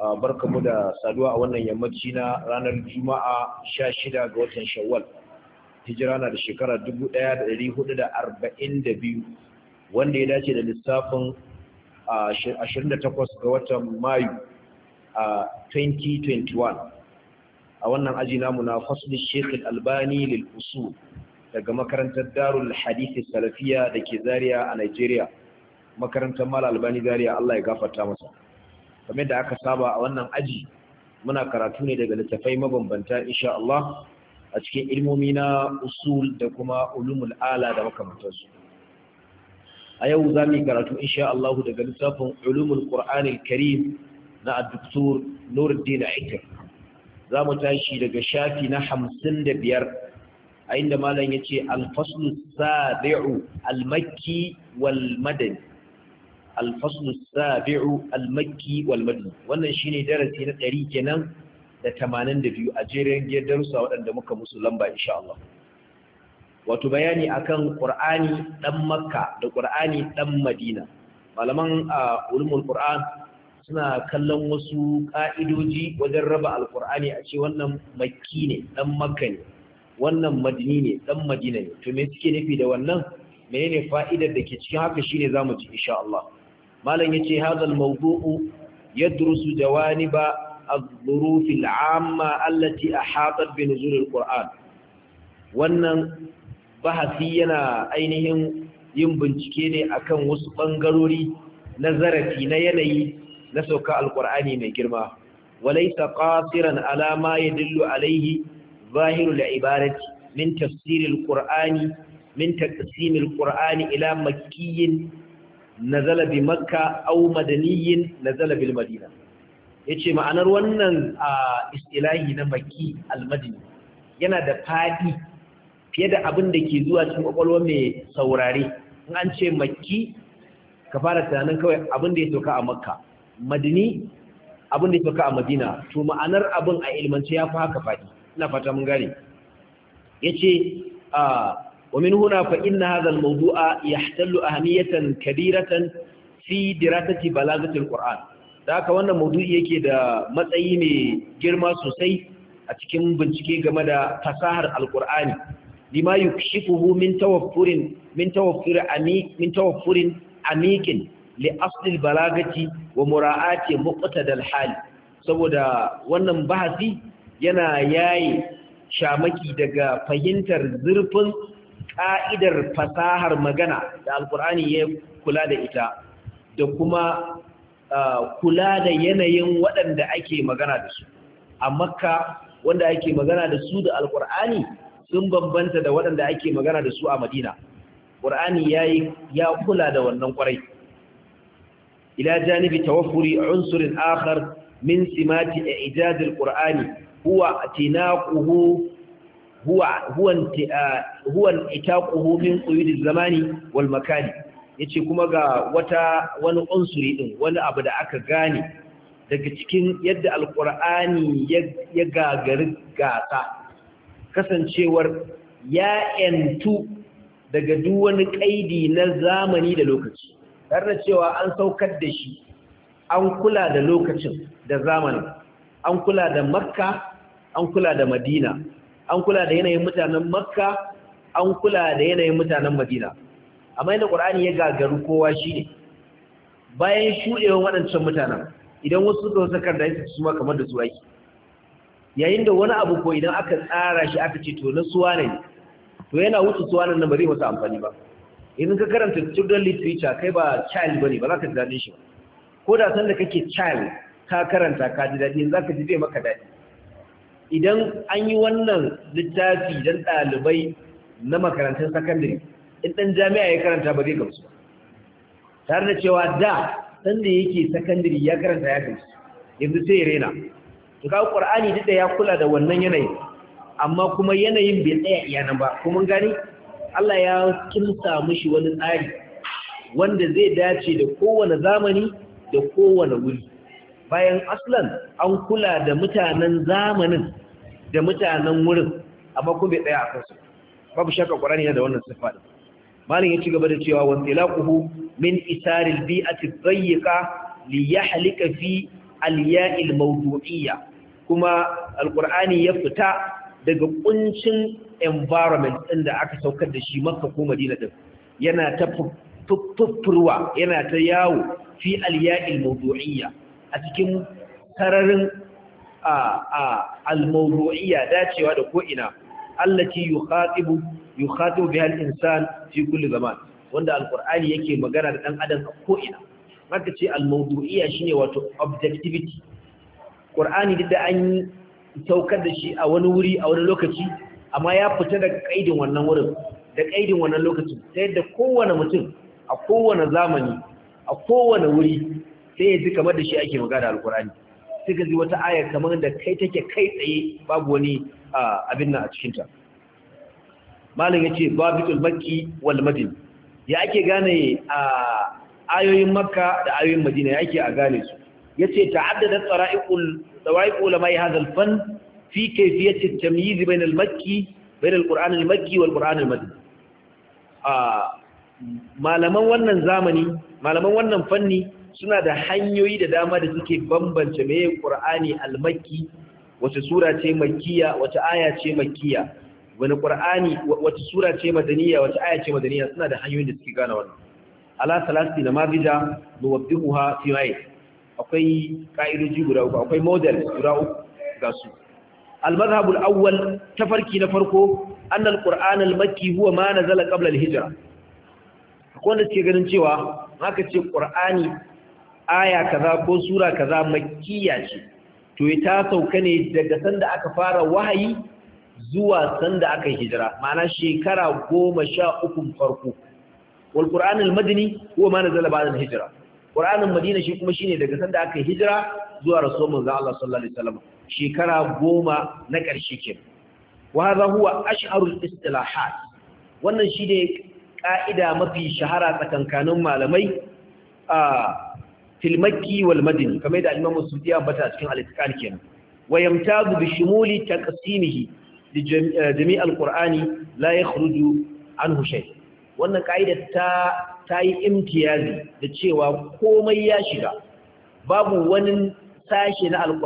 Ah, barkamu da saduwa a wannan yammaci na ranar juma'a 16 ga watan shawwal hijira na da shekara 1442 wanda ya dace da lissafin 28 ah, ga watan mayu a ah, 2021 a wannan aji namu na fasulun shekhul albani lil usul daga makarantar darul hadithi salafiya da ke zariya a nigeria makarantar mal albani zariya allah ya gafarta masa kamar da aka saba a wannan aji muna karatu ne daga littafai mabambanta insha Allah a cikin ilmomi na usul da kuma ulumul ala da makamantarsu a yau za mu karatu insha Allah daga littafin ulumul qur'anil karim na ad-doktor Nuruddin Aikir za mu tashi daga shafi na hamsin da biyar a inda malam yace ce alfaslu sabi'u al wal madani الفصل السابع المكي والمدني wannan shine darasi na ɗari kenan da 82 a jerin darussa waɗanda muka musu lamba insha Allah wato bayani akan Qur'ani dan Makka da Qur'ani dan Madina malaman ulumul Qur'an suna kallon wasu ka'idoji wajen raba alkur'ani a ce wannan makki ne dan Makka ne wannan madini ne dan Madina ne to me suke nufi da wannan menene fa'idar da ke cikin haka shine zamu ji insha Allah malam yace hadha al-mawdu'u yadrusu jawaniba الظروف العامة التي أحاطت Al-ƙur'an. wannan bahasi yana ainihin yin bincike ne akan wasu ɓangarori na zarafi na yanayi na sauka alƙur'ani mai girma walaisa qasiran ala ma yadullu alaihi zahirul ibarati min al qur'ani min al qur'ani ila makkiyin nazala bi makka aw madaniyin nazala bil madina yace ma'anar wannan istilahi na makki al madini yana da fadi fiye da abin da ke zuwa cikin kwakwalwa mai saurare in an ce makki ka fara tunanin kawai abin da ya sauka a makka madini abin da ya sauka a madina to ma'anar abin a ilmance ya fi haka fadi ina fata mun gane yace a ومن هنا فإن هذا الموضوع يحتل أهمية كبيرة في دراسة بلاغة القرآن ذاك وانا موضوع يكي دا متأي مي جرما سوسي أتكم بنشكي غمدا فساهر القرآن لما يكشفه من توفر من توفر عميق من توفر عميق لأصل البلاغة ومراعاة مقتضى الحال saboda wannan bahasi yana yayi shamaki daga fahimtar zurfin ƙa'idar fasahar magana da alkur'ani ya kula da ita da kuma kula da yanayin waɗanda ake magana da su a makka wanda ake magana da su da Alƙur'ani sun bambanta da waɗanda ake magana da su a madina ƙur'ani ya kula da wannan ƙwarai ila janibi tawaffuri unsurin akhar min simati ijazil qur'ani huwa tinaquhu huwa huwan ita itaquhu min quyudiz zamani wal makani yace kuma ga wata wani unsuri din wani abu da aka gane daga cikin yadda alqur'ani ya gagari gasa kasancewar ya yantu daga duk wani kaidi na zamani da lokaci har da cewa an saukar da shi an kula da lokacin da zamanin an kula da makka an kula da madina an kula da yanayin mutanen makka an kula da yanayin mutanen madina amma yadda ƙur'ani ya gagaru kowa shi ne bayan shuɗewa waɗancan mutanen idan wasu suka wasu kan da su ma kamar da su yayin da wani abu ko idan aka tsara shi aka ce to na suwa ne to yana wuce suwa nan ba zai masa amfani ba idan ka karanta children literature kai ba child bane ba za ka ji daɗin shi ba ko da san da kake child ka karanta ka ji daɗi za ka ji zai maka daɗi idan an yi wannan littafi don ɗalibai na makarantar sakandare in ɗan jami'a ya karanta ba zai gamsu ba tare da cewa da ɗan da yake sakandare ya karanta ya gamsu yanzu sai ya rena to kawo ƙwar'ani duk da ya kula da wannan yanayin amma kuma yanayin bai tsaya iyanan ba kuma gani Allah ya samu shi wani tsari wanda zai dace da kowane zamani da kowane wuri bayan aslan an kula da mutanen zamanin da mutanen wurin amma kuma bai a kansu babu shakka ƙwararri yana da wannan siffa malin ya ci gaba da cewa wasu ilakuhu min isaril bi'ati tsayyika li ya halika fi aliya'il mawdu'iyya kuma alƙur'ani ya fita daga ƙuncin environment ɗin da aka saukar da shi makka ko madina ɗin yana ta fuffurwa yana ta yawo fi aliya'il mawdu'iyya a cikin sararin al-mawdu'iyya dacewa da ko'ina allati yukhatibu yukhatibu bihal insan fi kulli zaman wanda al-qur'ani yake magana da dan adam ko'ina haka ce al-mawdu'iyya shine wato objectivity qur'ani duk da an yi saukar da shi a wani wuri a wani lokaci amma ya fita daga kaidin wannan wurin da kaidin wannan lokacin ta yadda kowane mutum a kowane zamani a kowane wuri sai ya fi kamar da shi ake magana alkurani sai ka ji wata ayar kamar da kai take kai tsaye babu wani abin nan a cikinta malam ya ce babitul makki wal madin ya ake gane a ayoyin makka da ayoyin madina ya ake a gane su ya ce ta ta'addada tsara'iqul tsara'iqul mai hadal fan fi kayfiyati tamyiz bain al makki bain al qur'an al makki wal qur'an al malaman wannan zamani malaman wannan fanni suna da hanyoyi da dama da suke bambance mai ƙur'ani almakki makki wace sura ce makkiya wace aya ce makkiya wani ƙur'ani wace sura ce madaniya wace aya ce madaniya suna da hanyoyin da suke gane wannan ala salati da mabida nuwaddihuha fi mai akwai ka'idoji guda uku akwai model guda uku ga su المذهب الأول تفركي نفركو أن القرآن المكي هو ما نزل قبل الهجرة akwai wanda suke ganin cewa haka ce ƙur'ani aya kaza ko sura kaza makkiya ce to ita sauka ne daga sanda aka fara wahayi zuwa sanda aka hijira ma'ana shekara goma sha uku farko wal qur'an al madani huwa ma nazala ba'da al hijra al madina shi kuma shine daga sanda aka hijira zuwa rasul manzo Allah sallallahu alaihi wasallam shekara goma na ƙarshe ke wa hadha huwa ash'arul istilahat wannan ne ka'ida mafi shahara tsakankanin malamai a ah, fil wal madini kamar da al-imamu sudi cikin al-itqal kenan wa yamtazu bi shumuli taqsimihi li jami' eh, al la yakhruju anhu shay wannan kaida ta tayi imtiyazi da cewa komai ya shiga babu wani sashi na al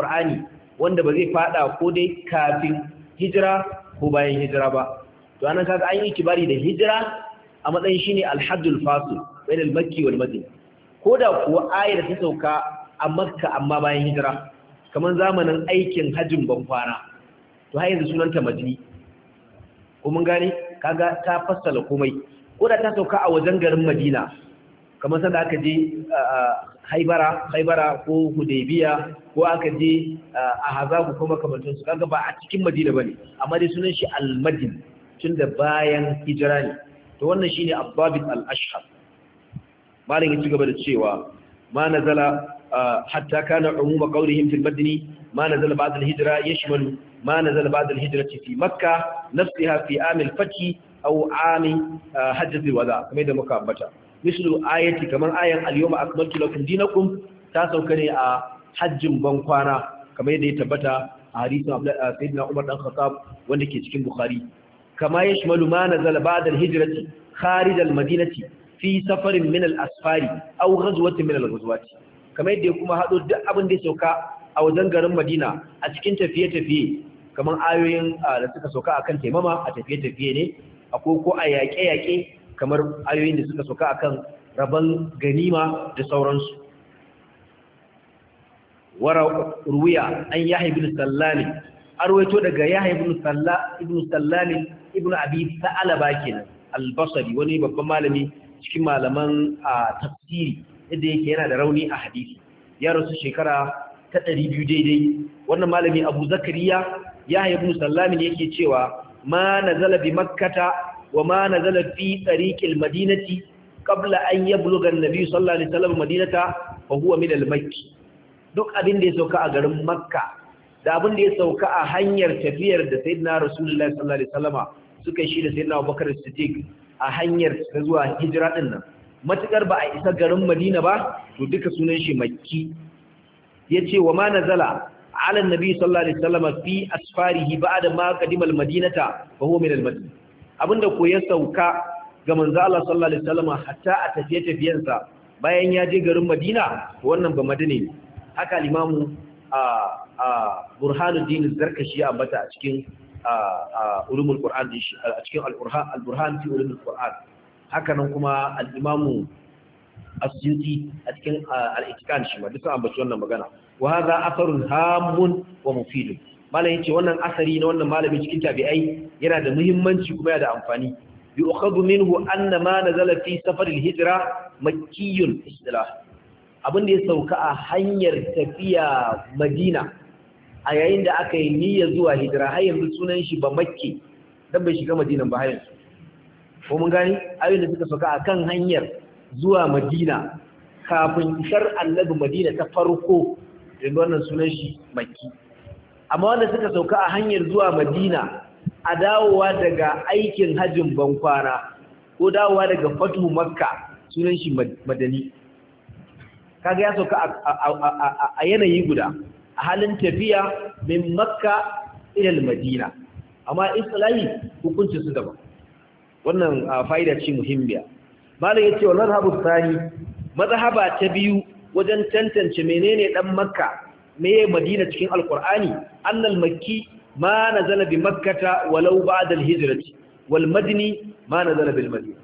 wanda ba zai fada ko dai kafin hijira ko bayan hijira ba to anan kaga an yi kibari da hijira a matsayin shine al-haddul fasil bainal makki wal madina ko da kuwa ayar ta sauka a makka amma bayan hijira kamar zamanin aikin hajjin kwana, to har yanzu sunanta majini ko mun gane kaga ta fassala komai ko da ta sauka a wajen garin madina kamar sanda aka je haibara haibara ko hudaybiya ko aka je a hazabu ko makamantan su kaga ba a cikin madina bane amma dai sunan shi al-madin tunda bayan hijira ne to wannan shine abbabit al ashhar malam ya ci gaba da cewa ma nazala hatta kana umuma qawlihim fil madini ma nazala ba'd al hijra yashmalu ma nazala ba'd al hijrati fi makkah nafsiha fi am al fath aw am hajjat al wada kamar da muka ambata mislu ayati kaman ayan al yawma akmaltu lakum dinakum ta sauka ne a hajjin bankwana. kamar yadda ya tabbata a hadisin sayyidina Umar dan Khattab wanda ke cikin Bukhari kama yashmalu ma nazala ba'd al hijrati kharij al madinati fi safarin min al-asfari aw ghazwatin min al-ghazwati kamar yadda kuma hado duk abin da ya sauka a wajen garin Madina a cikin tafiye-tafiye kamar ayoyin ah, da suka sauka akan taimama a tafiye-tafiye ne akwai ko a yaƙe-yaƙe kamar ayoyin da suka sauka akan rabon ganima da sauransu wara ruwiya an yahya ibn sallami arwaito daga yahya ibn sallami ibn sallami ibn abi sa'alaba kenan al-basri wani babban malami cikin malaman a tafsiri yadda yake yana da rauni a hadisi ya rasu shekara ta ɗari biyu daidai wannan malami abu zakariya ya haibu sallamin yake cewa ma na bi makkata wa ma nazala fi tariqil madinati ƙabla an yi bulogar na biyu madinata fa huwa min al-makki duk abin da ya sauka a garin makka da abin da ya sauka a hanyar tafiyar da sayyidina rasulullahi sallallahu alaihi talama suka shi da na bakar siddiq a hanyar ta zuwa hijira ɗinnan, nan matukar ba a isa garin Madina ba to duka sunan shi makki yace wa ma nazala ala annabi sallallahu alaihi wasallam fi asfarihi ba'da ma qadima almadinata fa huwa min almadina abinda ko ya sauka ga manzo Allah sallallahu alaihi wasallam hatta a tafiye sa bayan ya je garin Madina wannan ba madine ne haka limamu a a burhanuddin zarkashi ambata a cikin ulumul qur'an a cikin al-burhan fi ulumul qur'an haka nan kuma al-imamu asyuti a cikin al-itqan shi ma duka ambaci wannan magana wa hadha atharun hamun wa mufidun malam yace wannan asari na wannan malami cikin tabi'ai yana da muhimmanci kuma yana da amfani yu'khadhu minhu anna ma nazala fi safar al-hijra makkiyun istilah abin da ya sauka a hanyar tafiya madina a yayin da aka yi niyya zuwa hijira har yanzu sunan shi ba makke dan bai shiga madina ba har yanzu ko mun gani ayoyin da suka saka akan hanyar zuwa madina kafin isar annabi madina ta farko da wannan sunan shi makki amma wanda suka sauka a hanyar zuwa madina a dawowa daga aikin hajjin bankwana ko dawowa daga fatu makka sunan shi madani kaga ya sauka a yanayi guda a halin tafiya min makka ilal madina amma islahi hukuncin su daban wannan fa'ida ce muhimmiya malam yace wa mazhabu tsani mazhaba ta biyu wajen tantance menene dan makka meye madina cikin alqur'ani annal makki ma nazala bi makkata walau ba'da alhijrati wal madini ma nazala bil madina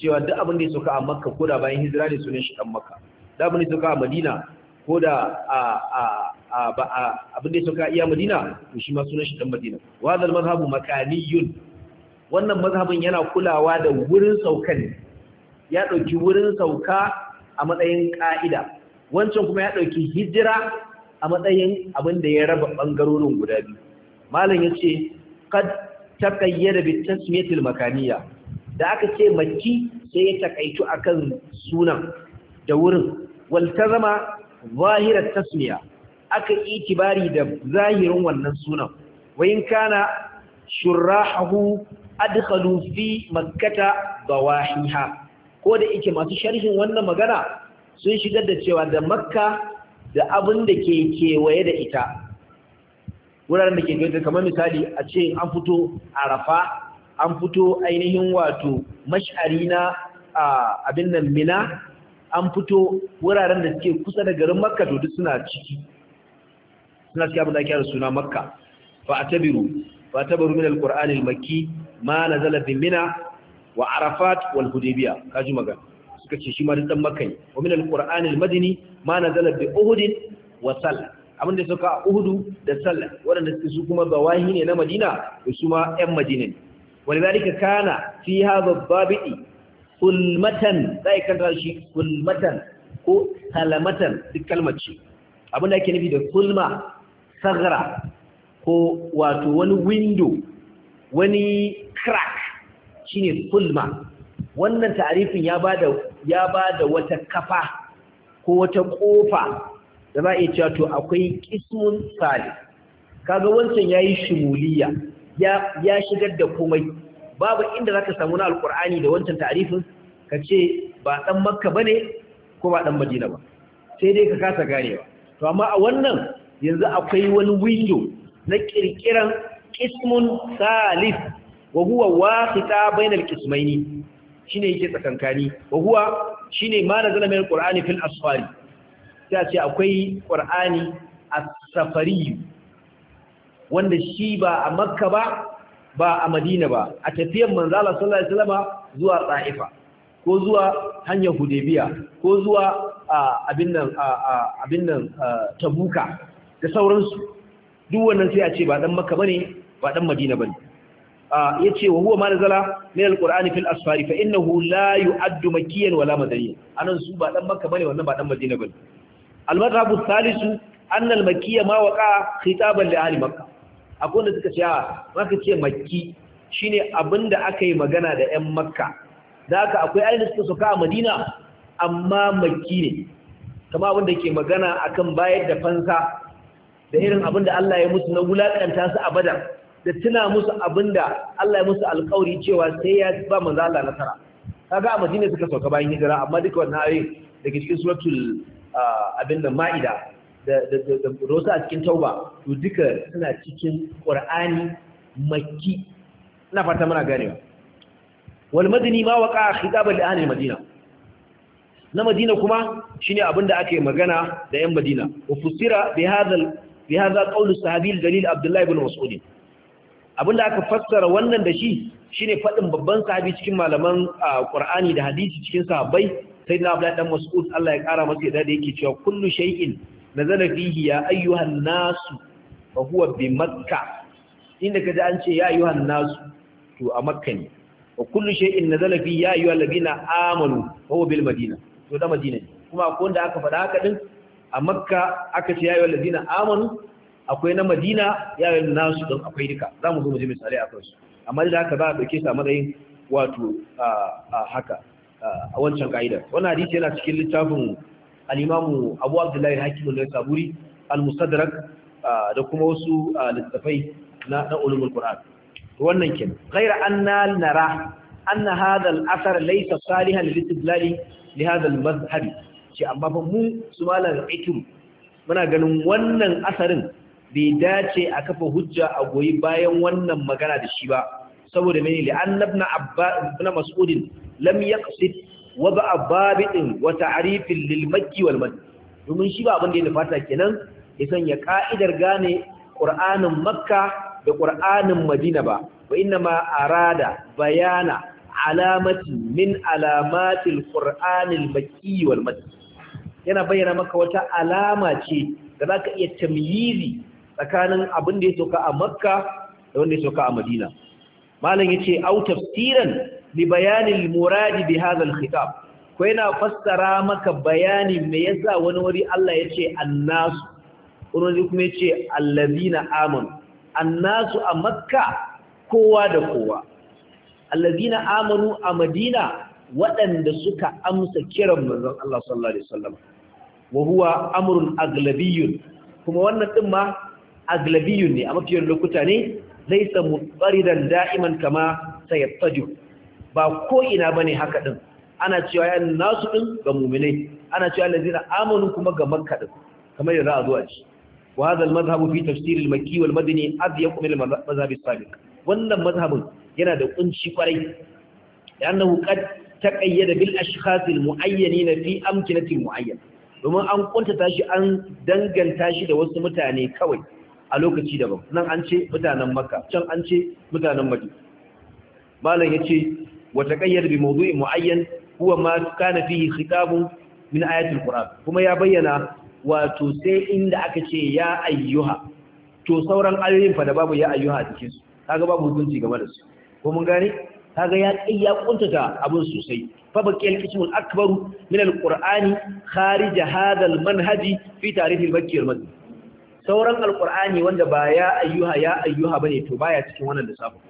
cewa duk abin da ya soka a makka ko da bayan hijira ne sunan shi dan makka da abin da ya soka a madina ko da abin da ya sauka iya madina shi masu sunan shi dan madina Wadar mazhabu makaniyun wannan mazhabin yana kulawa da wurin saukan ya dauki wurin sauka a matsayin ka'ida wancan kuma ya ɗauki hijira a matsayin abin da ya raba bangarorin guda biyu malam yace kad taqayyada bi tasmiyatil makaniya da aka ce maki sai ya takaitu akan sunan da wurin zama? zahirar tasmiya aka itibari da zahirin wannan sunan wayin kana shurrahu adkhalu fi makkata dawahiha ko da yake masu sharhin wannan magana sun shigar da cewa da makka da abin da ke kewaye da ita wuraren da ke kewaye kamar misali a ce an fito arafa an fito ainihin wato mash'ari na abin nan mina an fito wuraren da suke kusa da garin makka to duk suna ciki suna cikin abin da ake suna makka fa atabiru fa atabiru min alqur'ani almakki ma na bi mina wa arafat wal hudaybiya kaji magana suka ce shi ma duk dan makka ne wa min alqur'ani Madini, ma na bi Uhudin wa sal abin da suka uhudu da sal waɗanda suke su kuma bawahi ne na madina su ma yan madina ne walidhalika kana fi hadha babi'i Kulmatan za a kanta shi kulmatan ko kalamatan duk kalmar ce abinda ake nufi da kulma, sagra ko wato wani windo, wani crack shine kulma. wannan ta'arifin ya ba da wata kafa ko wata kofa da za a cewa to akwai kismun salih kaga wancan yayi shumuliya ya ya shigar da komai babu inda zaka samu na alqur'ani da wancan ta'arifin ka ce ba ɗan makka bane ko ba ɗan madina ba sai dai ka kasa ganewa to amma a wannan yanzu akwai wani windo na ƙirƙiran ƙismun salif wa huwa wasita bainal qismaini shine yake tsakankani wa huwa shine ma nazala min alqur'ani fil asfari sai ce akwai ƙur'ani a safari wanda shi ba a makka ba ba a Madina ba a tafiyar manzo sallallahu alaihi wasallam zuwa Taifa ko zuwa hanyar Hudebiya ko zuwa abin nan abin nan Tabuka da sauransu duk wannan sai a ce ba dan Makka bane ba dan Madina bane yace wa huwa ma nazala min alqur'ani fil asfari fa innahu la yu'addu makkiyan wala madaniyan anan su ba dan Makka bane wannan ba dan Madina bane al-madhhabu thalithu anna al-makkiyya ma waqa khitaban li ahli Makkah akwai wanda suka ce a maka ce makki shine abin da aka yi magana da 'yan makka da haka akwai ainihin suka soka a madina amma makki ne kama abin da ke magana akan bayar da fansa da irin abin da Allah ya musu na wulakanta su a badar da tuna musu abin da Allah ya musu alkawari cewa sai ya ba manzo Allah nasara kaga a madina suka sauka bayan hijira amma duka wannan ayoyi da ke cikin suratul ah, abin da ma'ida da wasu a cikin tauba to duka suna cikin ƙur'ani makki ina fata muna ganewa wal madini ma a khitaban li ahli madina na madina kuma shine abinda aka yi magana da yan madina wa fusira bi hadha bi hadha dalil Abdullahi ibn mas'ud abinda aka fassara wannan da shi shine fadin babban sahabi cikin malaman qur'ani da hadisi cikin Sai na abu abdullah dan mas'ud Allah ya ƙara masu yadda da yake cewa kullu shay'in nazala fihi ya ayyuhan nasu fa huwa bi makka inda kaje an ce ya ayyuhan nasu to a makka ne wa kullu shay'in nazala fihi ya ayyuhal ladina amanu fa huwa bil madina to da madina ne kuma akwai wanda aka faɗa haka din a makka aka ce ya ayyuhal ladina amanu akwai na madina ya ayyuhan nasu don akwai duka Za mu zo mu ji misali a kansu amma da haka za a dauke sa matsayin wato haka a wancan ka'idar wannan hadisi yana cikin littafin alimamu abu abdullahi hakim al-saburi al-mustadrak ah, da kuma wasu ah, littafai na na ulumul qur'an wannan kin ghaira anna nara anna hadha al-athar laysa salihan lil-istidlal li hadha al-madhhab shi amma fa mu su malan ikim muna ganin wannan asarin bai dace a kafa hujja a goyi bayan wannan magana da shi ba saboda mene li annabna abba ibn mas'ud lam yaqsid wa ba ababidin wa ta'rifin lil domin shi ba abin da ya nufata kenan ya sanya ka'idar gane ƙur'anin makka da ƙur'anin madina ba wa inna ma arada bayana alamati min alamatin qur'anil makki wal yana bayyana maka wata alama ce da za ka iya tamyizi tsakanin abin da ya soka a makka da wanda ya soka a madina malam yace au tafsiran li bayanin muradi da hadha al-khitab ko yana fassara maka bayanin me yasa wani wuri Allah yace annas wani kuma yace allazina amanu annasu a makka kowa da kowa allazina amanu a madina waɗanda suka amsa kiran manzon Allah sallallahu alaihi wasallam wa huwa amrun aglabiyyun kuma wannan din ma aglabiyyun ne a mafiyar lokuta ne laysa mutaridan da'iman kama sayattaju ba ko ina ba ne haka din ana cewa yan nasu din ga mu'minai ana cewa allazina amanu kuma ga makka din kamar yadda a zo a ci wa hadha al-madhhabu fi tafsir al-makki wal madani adyaq min al-madhhab sabiq wannan mazhabin yana da kunci kwarai annahu qad taqayyada bil ashkhas al-mu'ayyanin fi amkinatin mu'ayyana domin an kuntata shi an danganta shi da wasu mutane kawai a lokaci daban nan an ce mutanen makka can an ce mutanen madina malam ya وتقيد بموضوع معين هو ما كان فيه خطاب من آيات القرآن كما يا بينا وتسي إن أكتش يا أيها تصورا عليهم فدباب يا أيها تكيس هذا باب هدونتي كما لسي ومن قاني هذا يا إيا قنتتا أبو سوسي فبقي القسم الأكبر من القرآن خارج هذا المنهج في تعريف المكي والمدن sauran alkur'ani wanda ba ya ayyuha ya ayyuha bane to baya cikin wannan lissafin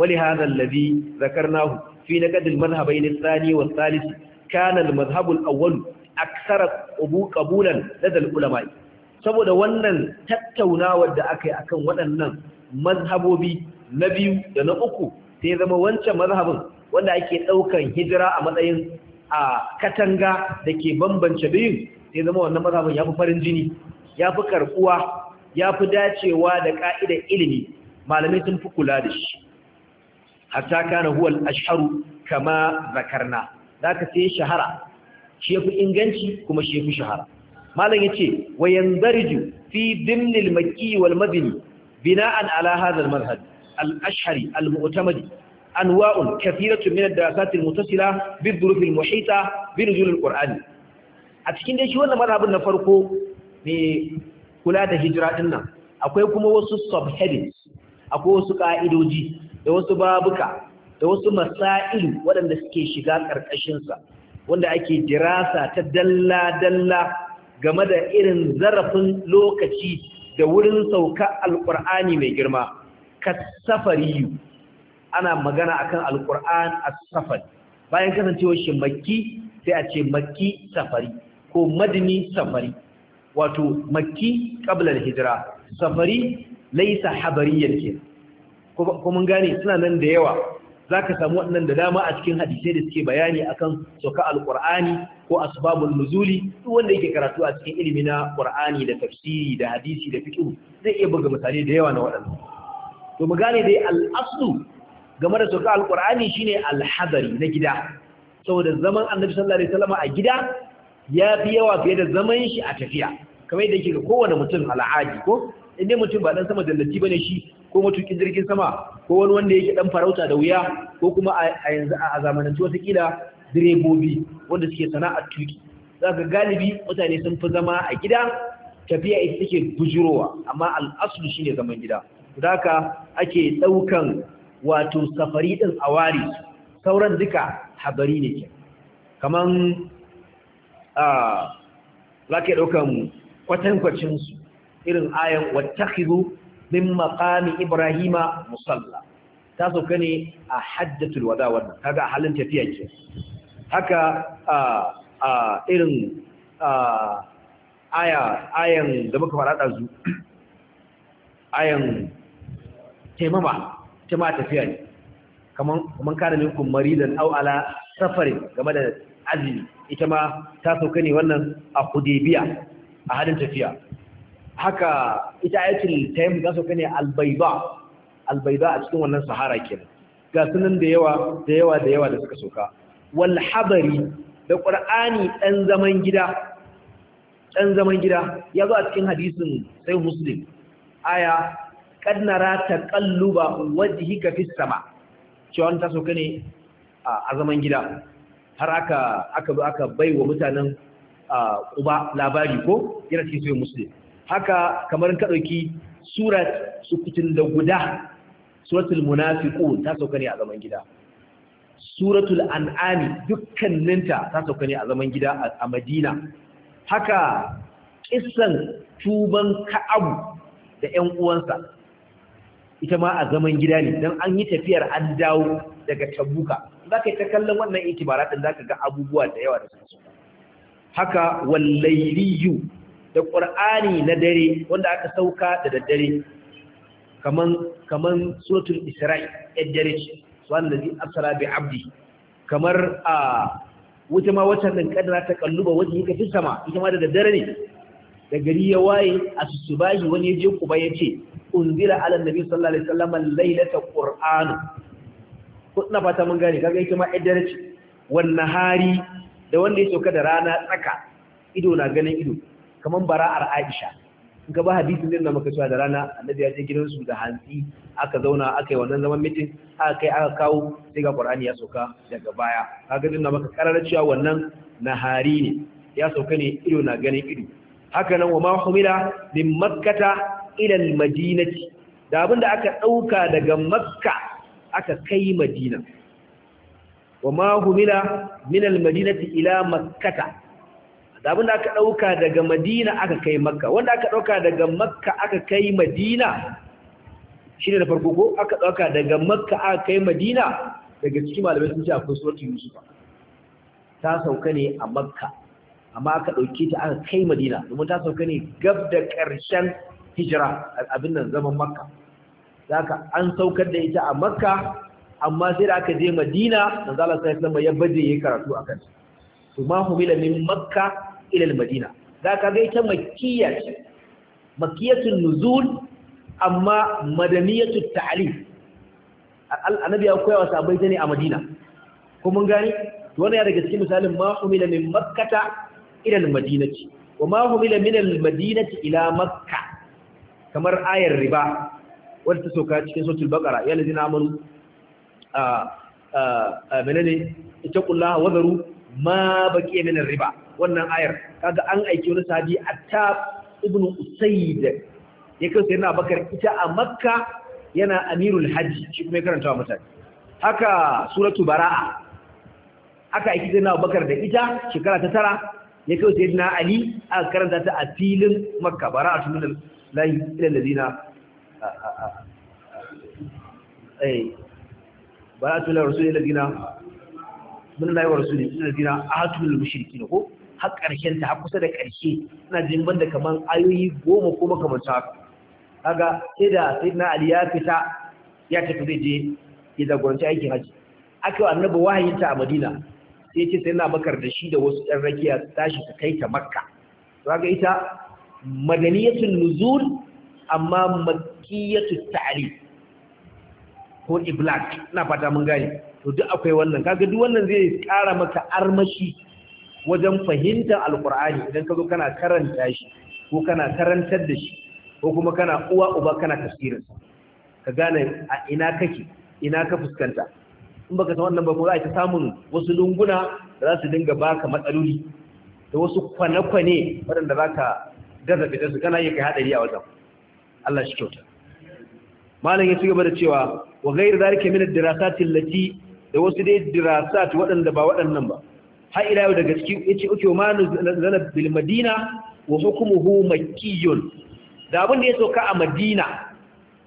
ولهذا الذي ذكرناه في نقد المذهبين الثاني والثالث كان المذهب الأول أكثر قبولا لدى العلماء saboda wannan tattaunawar da aka yi a kan waɗannan mazhabobi na biyu da na uku sai zama wancan mazhabin wanda ake ɗaukan hijira a matsayin a katanga da ke bambance biyun sai zama wannan mazhabin ya fi farin jini ya fi karɓuwa ya fi dacewa da ƙa'idar ilimi malamai sun fi kula da shi hatta kana huwal ashharu kama zakarna zaka sai shahara shi yafi inganci kuma shi yafi shahara malam yace wa yandariju fi dimnil makki wal madini bina'an ala hadha al madhhab al ashhari al mu'tamadi anwa'un kathiratun min ad-darasat al muttasila bi dhuruf al muhita bi nuzul al qur'an a cikin dai shi wannan madhabin na farko ne kula da hijira din nan akwai kuma wasu subheadings akwai wasu ka'idoji da wasu babuka da wasu masail waɗanda suke shiga ƙarƙashinsa wanda ake dirasa ta dalla-dalla game da irin zarafin lokaci da wurin sauka alƙur'ani mai girma kasafariyu ana magana akan alƙur'an a safari bayan kasancewar shi makki sai a ce makki safari ko madini safari wato makki qabla hijira safari laysa habariyan kenan ko mun gane suna nan da yawa za ka samu waɗannan da dama a cikin hadisai da suke bayani akan sauka alƙur'ani ko asbabul nuzuli duk wanda yake karatu a cikin ilimi na ƙur'ani da tafsiri da hadisi da fiqh zai iya buga misali da yawa na waɗannan to mu gane dai al-aslu game da sauka alƙur'ani shine al-hadari na gida saboda zaman annabi sallallahu alaihi wasallam a gida ya fi yawa fiye da zaman shi a tafiya kamar yadda yake ga kowane mutum al'adi ko in dai mutum ba dan sama dallaci bane shi ko matukin jirgin sama ko wani wanda yake dan farauta da wuya ko kuma a yanzu a zamanance wata kila direbobi wanda suke sana'ar tuki zaka galibi mutane sun fi zama a gida tafiya ita take bujurowa amma al'aslu shine zaman gida haka ake daukan wato safari din awari sauran duka habari ne ke kaman a zaka daukan su irin ayan wattakhidhu min maqami ibrahima musalla ta sauka ne a hajjatul wada wannan kaga halin tafiya ke haka a irin aya ayan da muka fara dazu ayan taimama taimama tafiya ne kaman kaman kana minkum maridan aw ala safarin game da azumi ita ma ta sauka ne wannan a hudaybiya a halin tafiya haka ita ayatul tayammum ta sauka ne albaiba, albaiba a cikin wannan sahara ke. ga sunan da yawa da yawa da yawa da suka sauka wal habari da qur'ani dan zaman gida dan zaman gida ya zo a cikin hadisin sai muslim aya kad nara taqalluba wajhika fis sama cewa ta sauka ne a zaman gida har aka aka aka baiwa mutanen Uba labari ko yana cikin sai muslim haka kamar ka ɗauki surat sukutin da guda suratul munafiqun ta sauka ne a zaman gida suratul an'ami dukkaninta ta sauka ne a zaman gida a madina haka ƙisan tuban ka'abu da 'yan uwansa ita ma a zaman gida ne don an yi tafiyar an dawo daga tabuka za ka yi ta kallon wannan itibara ɗin za ka ga abubuwa da yawa da suka haka wallailiyu da ƙur'ani na dare wanda aka sauka da daddare kaman kaman suratul isra'i yaddare ce subhanahu allazi asra bi abdi kamar a wuta ma wata din kadara ta kalluba wajen yi fi sama ita ma da daddare ne da gari ya waye a subahi wani ya je ku ba ya ce unzira ala nabi sallallahu alaihi wasallam lailata qur'anu ko ina fata mun gane kaga ita ma yaddare ce wannan hari da wanda ya sauka da rana tsaka ido na ganin ido kamar bara'ar Aisha in ka ba hadisin din da muka cewa da rana annabi ya je gidansu da hantsi aka zauna aka yi wannan zaman mitin aka kai aka kawo sai ga Qur'ani ya sauka daga baya kaga din da muka karara cewa wannan nahari ne ya sauka ne ido na ganin ido haka nan wa ma humila min makkata ila al-madinati da abinda aka dauka daga makka aka kai madina wa ma humila min al-madinati ila makkata da abin da aka ɗauka daga madina aka kai makka wanda aka ɗauka daga makka aka kai madina shi ne da farko ko aka ɗauka daga makka aka kai madina daga cikin malamai sun ce akwai suratu yusuf ta sauka ne a makka amma aka ɗauke ta aka kai madina domin ta sauka ne gab da ƙarshen hijira abin nan zaman makka zaka an saukar da ita a makka amma sai da aka je madina manzo Allah sallallahu alaihi wasallam ya baje yayi karatu akan to ma humila min makka ilal madina za ka ga ita makiyya ce makiyatun nuzul amma madaniyatun ta'alif annabi ya koya wa sabai ta ne a madina ko mun gani wani ya daga cikin misalin ma humila min makkata ila al-madinati wa ma humila min al-madinati ila makka kamar ayar riba wadda ta soka cikin suratul baqara ya ladina amanu a a menene ita kullaha wadaru ma baqiya min riba wannan ayar kaga an aiki wani sahabi attab ibn usayd ya kai sai na bakar ita a makka yana amirul hajji shi kuma ya karanta wa mutane haka suratu bara'a aka aiki sai na bakar da ita shekara ta tara ya kai sai na ali aka karanta ta a filin makka bara'a tun layi ilal ladina da bara'atu lar rasul ladina min lahi eh, wa hatu da mushirki ne ko har ƙarshen ta har kusa da ƙarshe suna jin banda kaman ayoyi goma ko makamanta kaga sai da sayyidina ali ya fita ya tafi zai je ya zagonci aikin haji aka annabi wahayin ta a madina sai ce sai na bakar da shi da wasu ɗan rakiya su tashi su kai ta makka kaga ita madaniyatun nuzul amma makiyatu ta'ari ko iblak na fata mun gane to duk akwai wannan kaga duk wannan zai kara maka armashi wajen fahimta alkur'ani idan ka zo kana karanta shi ko kana karantar da shi ko kuma kana uwa uba kana tafsirin ka gane a ina kake ina ka fuskanta in baka san wannan ba ko za a samu samun wasu lunguna da za su dinga baka matsaloli da wasu kwane-kwane waɗanda za ka gaza fitar su kana yi kai haɗari a wajen Allah shi kyauta malam ya ci gaba da cewa wa gairu zalika min ad-dirasat allati da wasu dai dirasat waɗanda ba waɗannan ba har ila yau daga cikin yace uke ma nazala bil madina wa hukmuhu makkiyun da abin da ya sauka a madina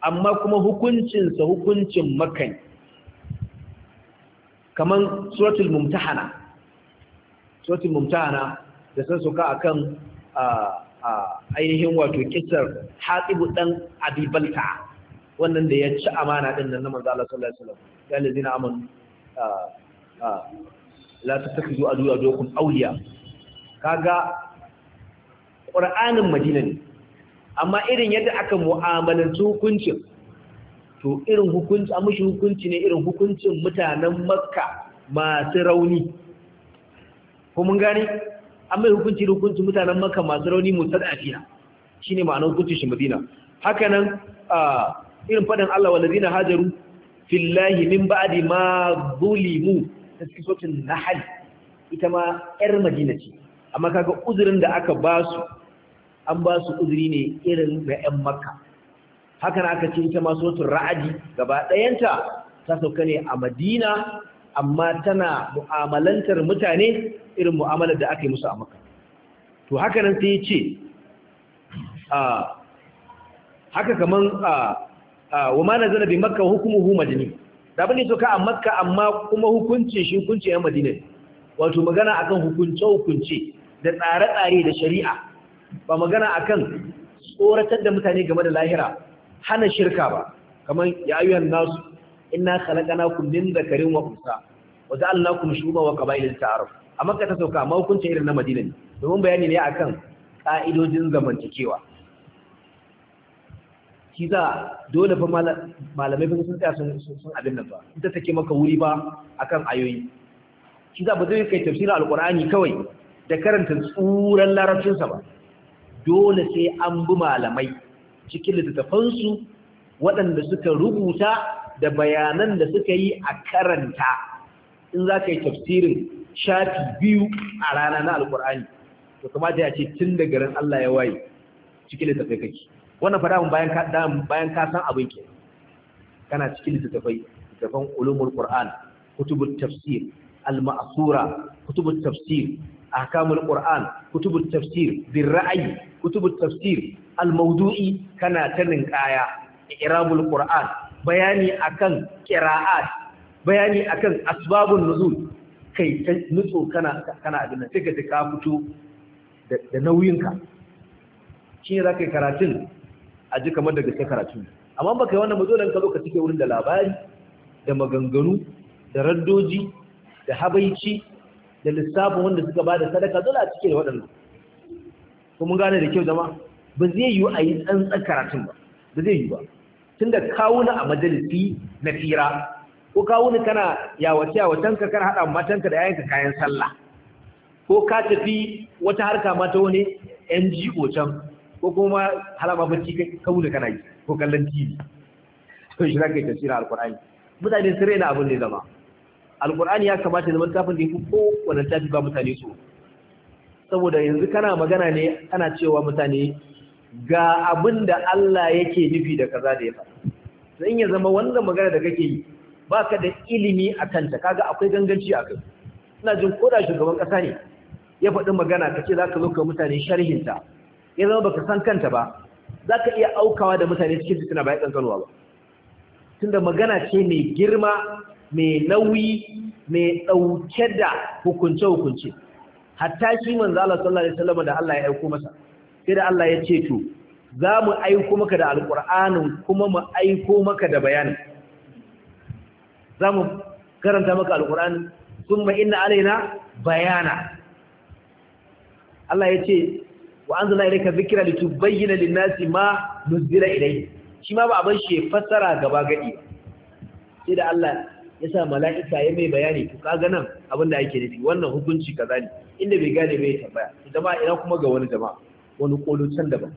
amma kuma hukuncin sa hukuncin makkan kaman suratul mumtahana suratul mumtahana da san sauka akan ainihin wato kisar hatibu dan abibalta wannan da ya ci amana din nan na manzo Allah sallallahu alaihi wasallam ya lazina amanu la zuwa aduwakum auliya kaga qur'anin madina ne amma irin yadda aka mu'amalanci hukuncin to irin hukunci a mashi hukunci ne irin hukuncin mutanen makka masu rauni kuma gani an mai hukunci hukunci mutanen makka masu rauni musad afina shi ne ma'anar hukuncin shi madina haka nan irin faɗin allah wa zina hajaru fillahi min ba'adi ma zulimu ta cikin sautin nahal ita ma 'yar madina ce amma kaga uzurin da aka ba su an ba su uzuri ne irin ga 'yan makka na aka ce ita ma sautin ra'adi gaba ɗayanta ta sauka ne a madina amma tana mu'amalantar mutane irin mu'amalar da aka yi musu a makka to haka nan sai ya ce haka kaman wa ma nazara bi makka hu madani da bane to ka a makka amma kuma hukunci shi hukunci yan madina wato magana akan hukunce hukunce da tsare-tsare da shari'a ba magana akan tsoratar da mutane game da lahira hana shirka ba kamar ya ayyuhan nasu inna khalaqnakum min dhakarin wa unsa wa ja'alnakum shuba wa qaba'ilan ta'aruf a makka ta sauka amma hukunci irin na madina domin bayani ne akan ka'idojin zamantakewa shi za dole fa malamai fa sun tsaya sun abin nan ba ta take maka wuri ba akan ayoyi shi za ba zai kai tafsirin alkur'ani kawai da karanta tsuran larabcinsa ba dole sai an bi malamai cikin littattafansu waɗanda suka rubuta da bayanan da suka yi a karanta in za ka yi tafsirin shafi biyu a rana na alkur'ani to kamata ya ce tun da garin Allah ya waye cikin littattafai kake wannan fara damun bayan ka bayan ka san abin ke kana cikin littattafai littattafan ulumul qur'an kutubut tafsir al-ma'sura kutubut tafsir ahkamul qur'an kutubut tafsir bir ra'yi kutubut tafsir al-mawdu'i kana ta ninkaya i'rabul qur'an bayani akan qira'at bayani akan asbabun nuzul kai nutso kana kana abin da, sai ka fito da nauyinka shi ne za ka yi karatun a ji kamar da gaske karatu amma ba kai wannan mazo ka zo ka cike wurin da labari da maganganu da raddoji da habaici da lissafin wanda suka ba da sadaka dole a cike da waɗannan kuma gane da kyau zama ba zai yiwu a yi tsantsan karatun ba ba zai yiwu ba tun da kawuna a majalisi na fira ko kawuna kana yawace watan ka kar haɗa ka da ka kayan sallah ko ka tafi wata harka mata wani ngo can ko kuma halama kai ka da kana yi ko kallon tv to shi zaka yi tafsirin alqur'ani mutane sun rena abin da zama alqur'ani ya kamata zama tafin da ko wannan tafi ba mutane su saboda yanzu kana magana ne ana cewa mutane ga abin da Allah yake nufi da kaza da ya faɗa sai ya zama wannan magana da kake yi baka da ilimi a ta kaga akwai ganganci a kai ina jin koda shugaban kasa ne ya faɗi magana kace zaka zo ka mutane ta ya zama baka san kanta ba za ka iya aukawa da mutane cikin fitina ba ya ba tunda magana ce mai girma mai nauyi mai ɗauke da hukunce-hukunce hatta shi manzo Allah sallallahu alaihi wasallam da Allah ya aiko masa sai da Allah ya ce to za mu aiko maka da alƙur'anin kuma mu aiko maka da bayani. za mu karanta maka alƙur'anin sun inna alaina bayana Allah ya ce wa anzalna ilayka dhikra litubayyana lin-nasi ma nuzila ilayhi shi ma ba ban shi fassara gaba gadi sai da Allah ya sa mala'ika ya mai bayani to kaga nan abin da ake nufi wannan hukunci kaza ne inda bai gane bai tambaya jama'a ina kuma ga wani jama'a wani kolo can daban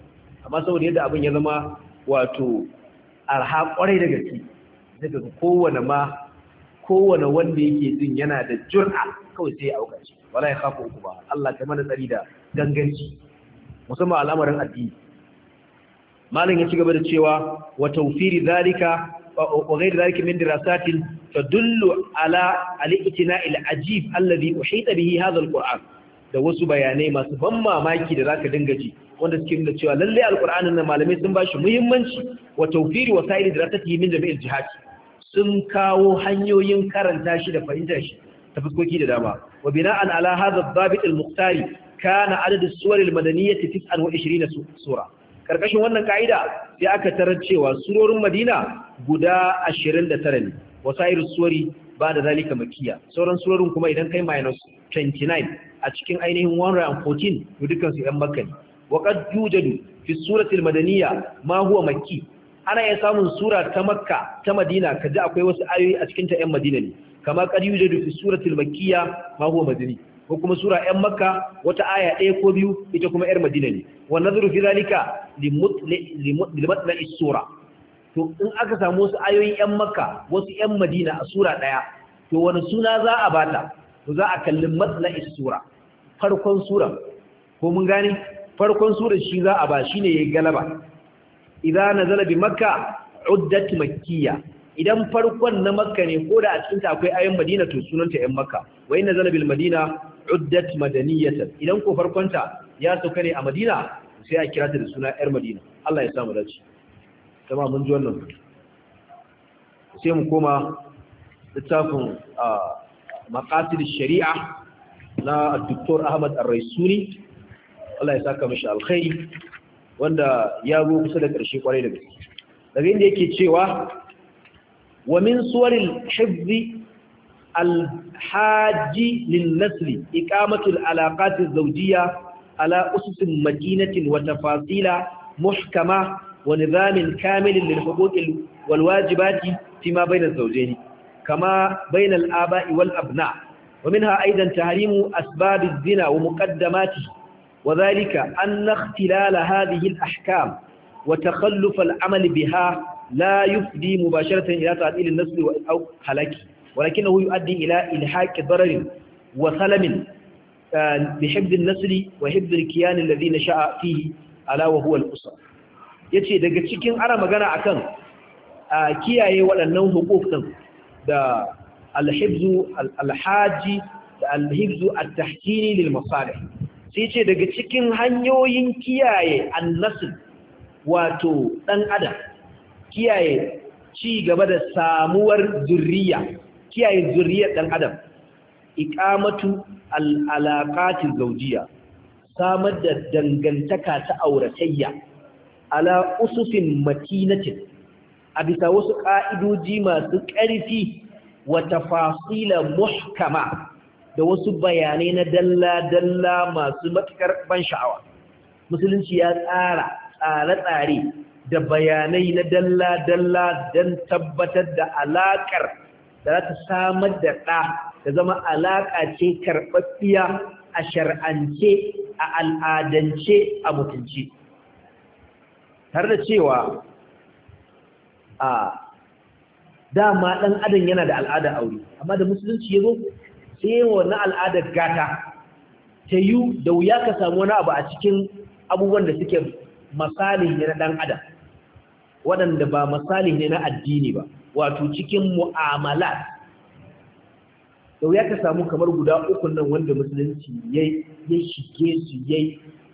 amma saboda yadda abin ya zama wato arha kwarai da gaske daga kowane ma kowane wanda yake jin yana da jur'a kawai sai ya auka shi wala ya ku ba Allah ta mana tsari da ganganci musamman al'amarin addini malam ya ci gaba da cewa wa tawfiri zalika wa ghayr zalika min dirasatin tadullu ala al-itina al-ajib alladhi bihi hadha al-Qur'an da wasu bayanai masu ban mamaki da zaka dinga ji wanda suke nuna cewa lalle alqur'anin nan malamai sun bashi muhimmanci wa taufiri wa sa'iri dirasatihi min jami'il jihati sun kawo hanyoyin karanta shi da fahimtar shi ta fuskoki da dama wa bina'an ala hadha ad al kana adadin suwaril madaniyyati tis'an wa sura karkashin wannan ka'ida sai aka tarar cewa surorin madina guda ashirin da tara ne wasa'ir suwari ba da zalika makiya sauran surorin kuma idan kai minus 29 a cikin ainihin 114 to dukansu yan makka ne wa qad fi suratil madaniya ma huwa makki ana iya samun sura ta makka ta madina kaji akwai wasu ayoyi a cikin ta yan madina ne kama ƙar yujadu fi suratil makkiyya ma huwa madani ko kuma sura ƴan makka wata aya ɗaya ko biyu ita kuma ƴar madina ne wa nadhuru fi zalika li na isura. to in aka samu wasu ayoyin ƴan makka wasu ƴan madina a sura ɗaya to wani suna za a bata to za a kalli matla'i sura farkon sura ko mun gane farkon sura shi za a ba shi ne ya galaba idza nazala bi makka uddat makkiya idan farkon na makka ne ko da a cikin ta akwai ayan madina to sunanta yan makka wa inna zalabil madina uddat madaniyatan idan ko farkonta ya sauka ne a madina sai a kira ta da suna yar madina Allah ya samu dace kuma mun ji wannan sai mu koma littafin maqasid shari'a na Dr. Ahmad Ar-Raisuni Allah ya saka mishi alkhairi wanda ya zo kusa da ƙarshe kwarai da gaske daga inda yake cewa wa min suwaril hizbi الحاج للنسل إقامة العلاقات الزوجية على أسس مدينة وتفاصيل محكمة ونظام كامل للحقوق والواجبات فيما بين الزوجين كما بين الآباء والأبناء ومنها أيضا تحريم أسباب الزنا ومقدماته وذلك أن اختلال هذه الأحكام وتخلف العمل بها لا يفضي مباشرة إلى تعديل النسل أو هلاكه ولكنه يؤدي إلى إلحاق ضرر وسلم بحفظ النسل وحفظ الكيان الذي نشأ فيه ألا وهو الأسرة yace daga cikin ana magana akan a kiyaye waɗannan hukukin da alhibzu alhaji da alhibzu a lil masalih sai ce daga cikin hanyoyin kiyaye annasil wato dan adam kiyaye ci gaba da samuwar zurriya kiyaye zuriyar ɗan adam iƙamatu al-alaqati samar da dangantaka ta auratayya ala usufin matinatin a bisa wasu ƙa'idoji masu ƙarfi wa tafasila muhkama da wasu bayanai na dalla-dalla masu matuƙar ban sha'awa musulunci ya tsara tsare-tsare da bayanai na dalla-dalla don tabbatar da alaƙar da za ta samar da ɗa da zama alaƙa ce karɓaffiya a shar'ance a al'adance a mutunci tare da cewa a dama ɗan adam yana da al'ada aure amma da musulunci ya zo sai wani al'adar gata ta yi da wuya ka samu wani abu a cikin abubuwan da suke misali ne na ɗan adam waɗanda ba misali ne na addini ba wato cikin mu'amala da ya ka samu kamar guda uku nan wanda musulunci ya shige su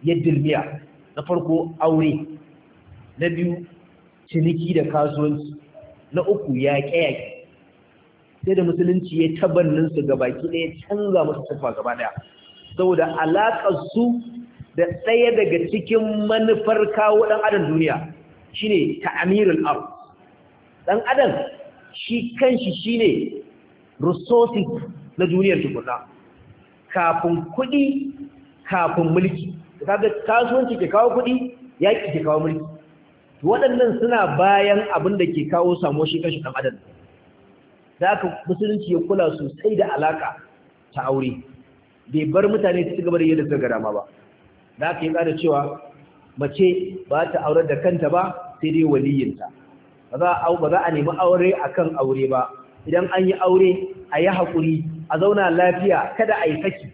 ya dirmiya na farko aure na biyu ciniki da kasuwanci na uku ya yaƙe sai da musulunci ya tabannin su baki ɗaya canza musu tafa gaba ɗaya saboda alaƙar su da ɗaya daga cikin manufar kawo ɗan adam duniya shine ta'amirul ard ɗan adam shi kanshi shine resources na duniyar tukunna kafin kuɗi kafin mulki kaga kasuwanci ke kawo kuɗi yaƙi ke kawo mulki waɗannan suna bayan abin da ke kawo samo shi kanshi ɗan adam da aka musulunci ya kula sosai da alaka ta aure bai bar mutane su ci gaba da yadda suka ma ba da aka yi ƙara cewa mace ba ta aurar da kanta ba sai dai waliyinta ba za a ba za a nemi aure akan aure ba idan an yi aure a yi haƙuri a zauna lafiya kada a yi saki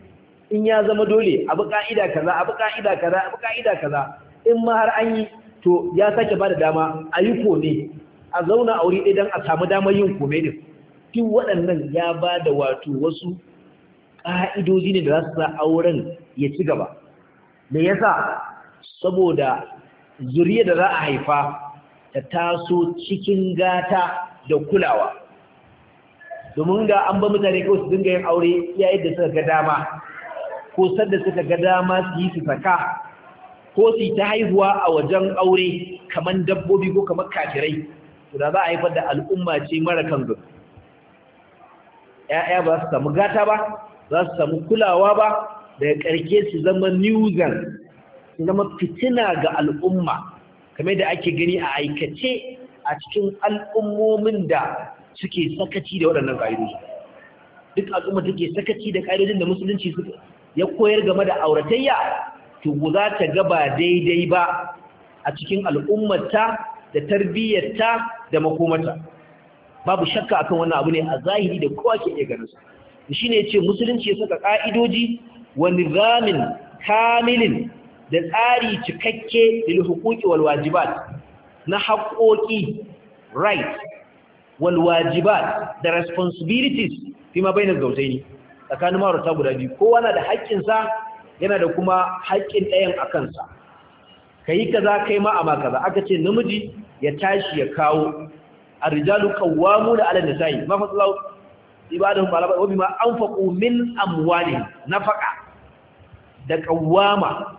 in ya zama dole a bi ka'ida kaza bi ka'ida kaza bi ka'ida kaza in ma har an yi to ya sake ba da dama a yi kome a zauna aure idan a samu damar yin kome ne duk waɗannan ya ba da wato wasu ƙa'idoji ne da za su sa auren ya ci gaba da yasa saboda zuriya da za a haifa ta taso cikin gata da kulawa domin ga an ba mutane kawai su dinga yin aure yayin da suka ga dama ko da suka ga dama su yi su saka ko su ta haihuwa a wajen aure kamar dabbobi ko kamar kafirai to da za a haifar da al'umma ce mara kan gudu ‘ya'ya ba su samu gata ba za su samu kulawa ba daga ƙarke su zama newgan su zama fitina ga al'umma kamar da ake gani a aikace a cikin al'ummomin da suke sakaci da waɗannan ƙa'idoji duk al'umma take sakaci da ƙa'idojin da musulunci ya koyar game da auratayya to za ta ga ba daidai ba a cikin al'ummata da tarbiyyarta da makomata. babu shakka akan wannan abu ne a zahiri da kowa ke iya ganin su shine ce musulunci ya saka ƙa'idoji wani nizamin kamilin da tsari cikakke lil hukuki wal wajibat na haƙoƙi right wal wajibat da responsibilities fi ma bainar zautaini tsakanin marauta guda biyu kowa na da sa yana da kuma haƙƙin ɗayan a kansa ka kaza kai ma amma kaza aka ce namiji ya tashi ya kawo a qawwamu da alal nisa'i ma fasalau ibadahum ala wa bima anfaqu min amwalihim nafaqa da qawwama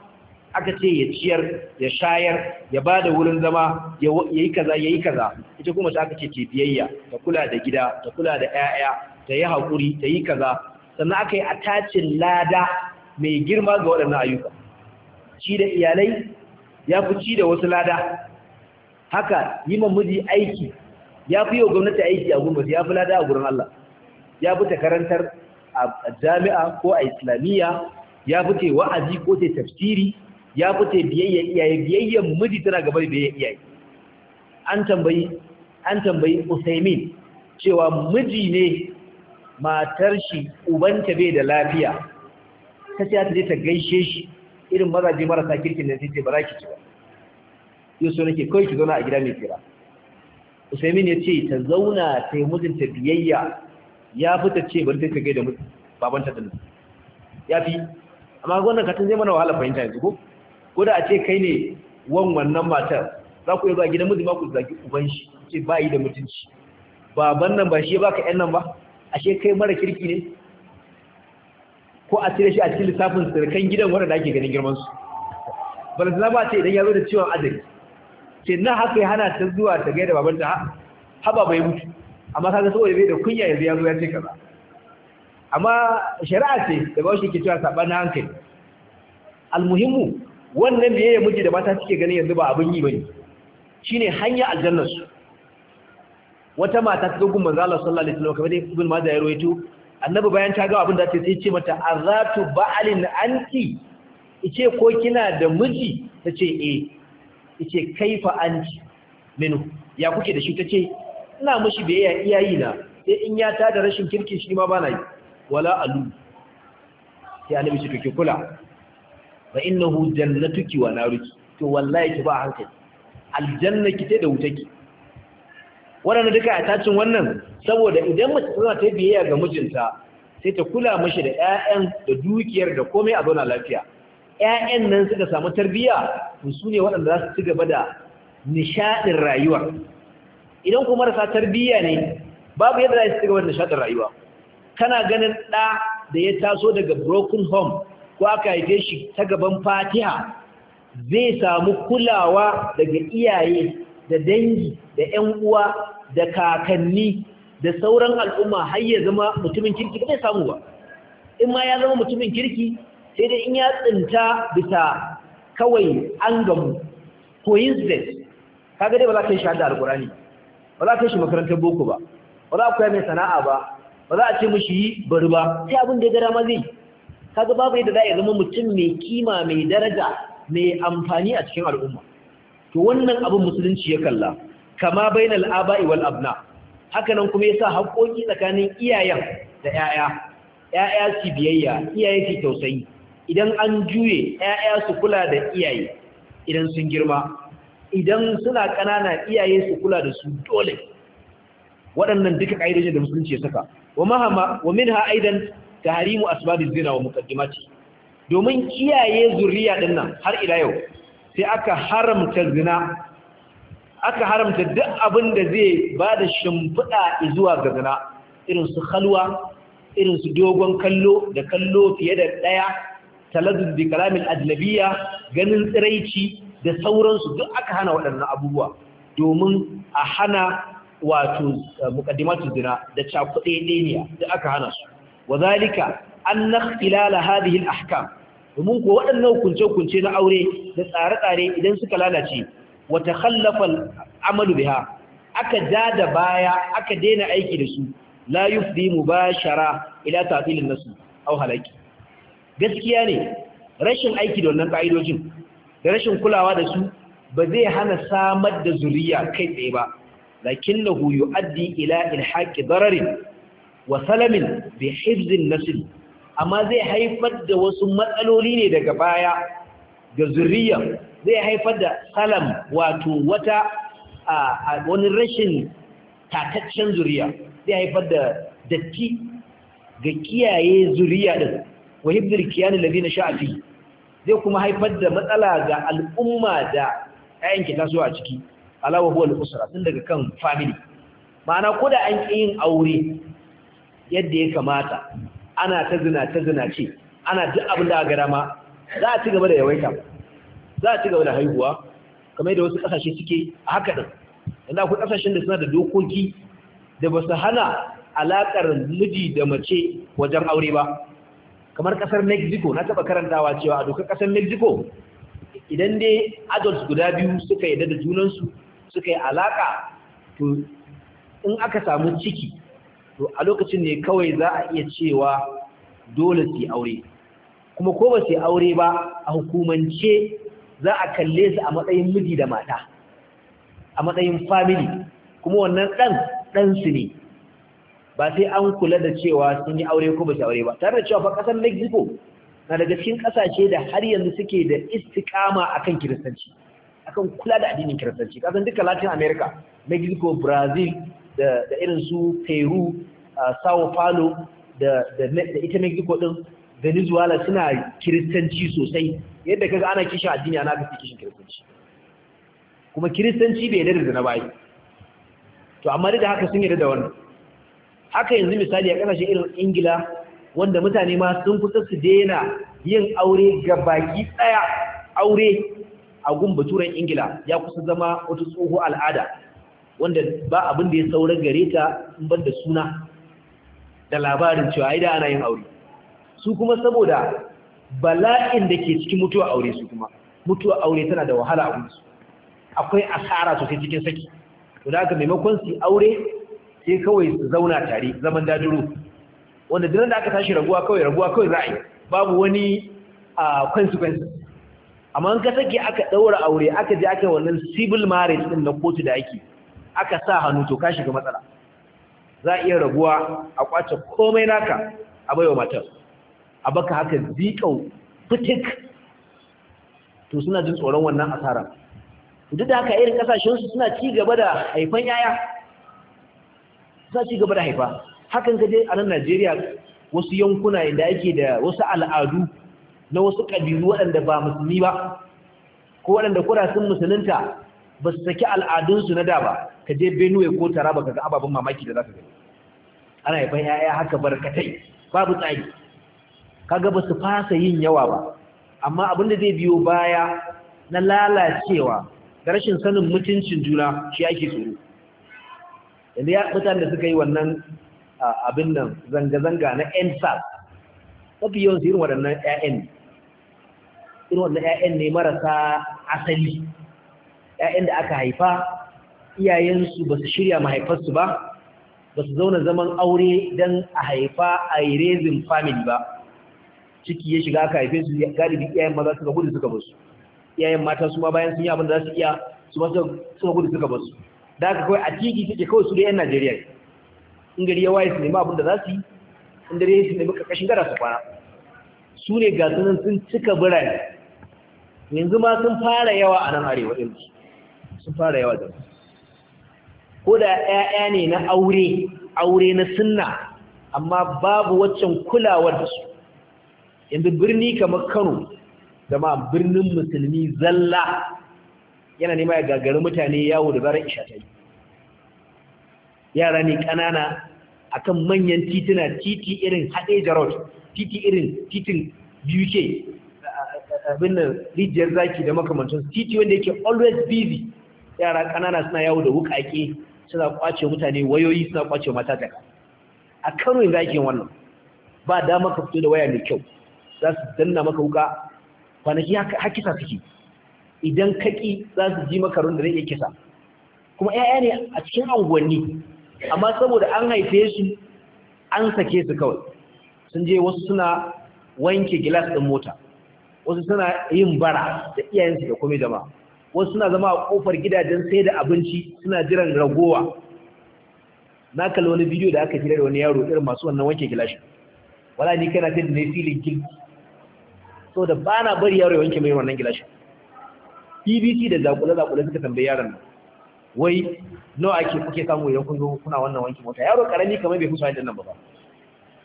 aka ce ya ciyar ya shayar ya ba da wurin zama ya yi kaza ya yi kaza ita kuma ta aka ce biyayya ta kula da gida ta kula da 'ya'ya ta yi haƙuri ta yi kaza sannan aka yi atacin lada mai girma ga waɗannan ayyuka ci da iyalai ya fi ci da wasu lada haka yi ma miji aiki ya fi yau gwamnati aiki a gumbasu ya fi lada a gurin Allah ya fi ta karantar a jami'a ko a islamiyya ya fi ce wa'azi ko ta tafsiri ya fice biyayya iyaye biyayyan miji tana gaba da biyayya iyaye an tambayi an tambayi Usaimin cewa miji ne matar shi ubanta bai da lafiya ta ce ta je ta gaishe shi irin mazaje marasa kirkin da sai ce ba za ki ci ba yau so nake kawai ki zauna a gida mai kira Usaimin ya ce ta zauna ta yi mijinta biyayya ya fita ce bari sai ta gaida babanta da ya fi amma wannan katin zai mana wahala fahimta yanzu ko ko da a ce kai ne wan wannan matar za ku yi zuwa gidan miji ba ku zaki uban shi ce ba yi da mutunci baban nan ba shi ba ka ƴan nan ba ashe kai mara kirki ne ko a cire shi a cikin lissafin sirkan gidan wanda ake ganin girman su balantana ba ce idan ya zo da ciwon azali ce na haka ya hana ta zuwa ta gaida babanta haba bai mutu amma ga saboda bai da kunya yanzu ya zo ya ce kaza amma shari'a ce da bawashi ke cewa na hankali almuhimmu wannan da yayin miji da mata suke gani yanzu ba abin yi bane shine hanya aljannar su wata mata ta dogon manzo Allah sallallahu alaihi wasallam kamar ibn Majah ya rawaito annabi bayan ta ga abin da take sai ce mata azatu ba'alin anti ice ko kina da miji tace eh ice kaifa anti minu ya kuke da shi tace ina mishi biyayya iyayi na sai in ya ta da rashin kirki shi ma bana yi wala alu sai annabi ce to kula fa innahu jannatuki wa naruki to wallahi ki ba hankali aljanna ki da wutaki wannan duka a tacin wannan saboda idan mace tana ta biyayya ga mijinta sai ta kula mashi da ƴaƴan da dukiyar da komai a zauna lafiya ƴaƴan nan suka samu tarbiyya to su ne waɗanda za su ci gaba da nishaɗin rayuwa idan kuma marasa tarbiyya ne babu yadda za su ci gaba da nishaɗin rayuwa kana ganin ɗa da ya taso daga broken home ko aka haife shi ta gaban fatiha zai samu kulawa daga iyaye da dangi da 'yan uwa da kakanni da sauran al'umma har ya zama mutumin kirki ba zai samu ba in ma ya zama mutumin kirki sai dai in ya tsinta bisa kawai an gamu coincidence kaga dai ba za ka yi shahada alkurani ba za ka yi shi makarantar boko ba ba za ka yi mai sana'a ba ba za a ce mishi yi bari ba sai abin da ya gara ma zai kaga babu yadda za a zama mutum mai kima mai daraja mai amfani a cikin al'umma to wannan abin musulunci ya kalla kama bainal aba'i wal abna haka nan kuma yasa haƙoƙi tsakanin iyayen da 'ya'ya. ƴaƴa su biyayya iyaye su tausayi idan an juye 'ya'ya su kula da iyaye idan sun girma idan suna ƙanana iyaye su kula da su dole waɗannan duka ƙa'idojin da musulunci ya saka wa mahama wa minha aidan tarimu asbabi zina wa mukaddimati domin kiyaye zuriya din har ila yau sai aka haramta zina aka haramta duk abin da zai bada da shimfiɗa zuwa ga zina irin su halwa irin su dogon kallo da kallo fiye da ɗaya talazun bi kalamil ganin tsiraici da sauransu duk aka hana waɗannan abubuwa domin a hana wato eh, mukaddimatu zina da cakuɗe ɗaya da aka hana su wa zalika an na hadhihi al-ahkam domin kuwa waɗannan hukunce- ukunce na aure da tsare-tsare idan suka lalace wata khallafal amalu biha aka ja da baya aka daina aiki da su mu ba mubashara ila ta'tilin nasu au halaki gaskiya ne rashin aiki da wannan ka'idojin da rashin kulawa da su ba zai hana samar da zuriya kai tsaye ba lakin lakinnahu addi ila ilhaƙi dararin wa salamin bi hifzin nasl amma zai haifar da wasu matsaloli ne daga baya ga zuriya zai haifar da salam wato wata a wani rashin tataccen zuriya zai haifar da datti ga kiyaye zuriya din wa hifzil kiyani na sha'ati zai kuma haifar da matsala ga al'umma da ƴaƴan ki tasowa a ciki alawa huwa al-usra tun daga kan family ma'ana ko da an ƙi yin aure yadda ya kamata ana ta zina ta zina ce ana duk abin da aka rama za a ci gaba da yawaita za a ci gaba da haihuwa kamar da wasu kasashe suke a haka din inda ku kasashen da suna da dokoki da ba su hana alakar miji da mace wajen aure ba kamar kasar mexico na taba karantawa cewa a dokar kasar mexico idan dai adults guda biyu suka yi da junansu suka yi alaka to in aka samu ciki to a lokacin ne kawai za a iya cewa dole su aure kuma ko ba su aure ba a hukumance za a kalle su a matsayin miji da mata a matsayin family kuma wannan ɗan ɗansu ne ba sai an kula da cewa sun yi aure ko ba su aure ba tare da cewa fa ƙasar mexico na daga cikin ƙasashe da har yanzu suke da istikama akan kiristanci akan kula da addinin kiristanci kasan duka latin america mexico brazil da irin su peru sao falo da ita giko din venezuela suna kiristanci sosai yadda kaga ana kishin addini ana fi kishin kiristanci kuma kiristanci bai yadda da na bayi to amma da haka sun yarda da wannan haka yanzu misali a kasashen irin ingila wanda mutane ma sun kusa su daina yin aure ga baki daya aure a gun baturen ingila ya kusa zama wata tsoho al'ada wanda ba abin da ya saurar gare ta in ban da suna da labarin cewa ai da ana yin aure su kuma saboda bala'in da ke cikin mutuwa aure su kuma mutuwa aure tana da wahala a wurinsu akwai asara sosai cikin saki to da aka maimakon su aure sai kawai su zauna tare zaman dajiro wanda dinan da aka tashi raguwa kawai raguwa kawai za a yi babu wani a consequence amma in ka sake aka daura aure aka je aka yi wannan civil marriage din na kotu da ake aka sa hannu to ka shiga matsala za a iya raguwa a kwace komai naka a baiwa matar a baka haka zikau fitik to suna jin tsoron wannan asara duk da haka irin kasashensu suna ci gaba da haifan yaya suna ci gaba da haifa hakan gaje a nan najeriya wasu yankuna inda ake da wasu al'adu na wasu ƙabilu waɗanda ba musulmi ba ko waɗanda sun musulunta ba su saki al'adunsu na da ba ka je benue ko taraba kaga ga ababen mamaki da za ka gani ana yaban ya'ya haka barkatai babu tsari kaga ba su fasa yin yawa ba amma abin da zai biyo baya na lalacewa da rashin sanin mutuncin juna shi ake tsoro yanzu ya mutane da suka yi wannan abin nan zanga-zanga na nsas mafi yawan su irin waɗannan 'ya'yan ne marasa asali ‘ya'yan da aka haifa iyayensu ba su shirya mahaifarsu ba ba su zauna zaman aure don a haifa a yi rezin famili ba ciki ya shiga aka haife su galibi iyayen maza suka gudu suka basu iyayen mata su ma bayan sun yi abin da za su iya su masu suka gudu suka basu da aka kawai a tiki suke kawai su da 'yan najeriya in gari ya waye su nemi abin da za su yi in dare su nemi ƙarƙashin gara su kwana su ne ga sun cika birane yanzu ma sun fara yawa a nan arewa ɗin sun fara yawa su ko da ƴaƴa ne na aure aure na sunna amma babu waccan kulawar da su yanzu birni kamar Kano jama'a birnin musulmi zalla yana nema ya gagari mutane yawo da zarar isha ta yi yara ne ƙanana akan manyan tituna titi irin haɗe jarot titi irin titin uk abin nan rijiyar zaki da makamantar titi wanda yake always busy yara kanana suna yawo da wukake suna kwace mutane wayoyi suna kwace mata daga a kano yanzu ake wannan ba dama ka fito da waya mai kyau za su danna maka wuka kwanaki hakisa suke idan kaki za su ji maka da zai iya kisa kuma 'ya'ya ne a cikin unguwanni amma saboda an haife su an sake su kawai sun je wasu suna wanke gilas ɗin mota wasu suna yin bara da iyayensu da kuma jama'a wasu suna zama a kofar gidajen sai da abinci suna jiran ragowa na kalli wani bidiyo da aka jira da wani yaro irin masu wannan wanke gilashi wala ni kana tin da filin gil so da ba na bari yaro ya wanke mai wannan gilashi e bbc da zakula zakula suka tambayi yaron nan wai nawa ake kuke samu idan kun zo kuna wannan wanke mota yaro karami kamar bai fusa yadda nan ba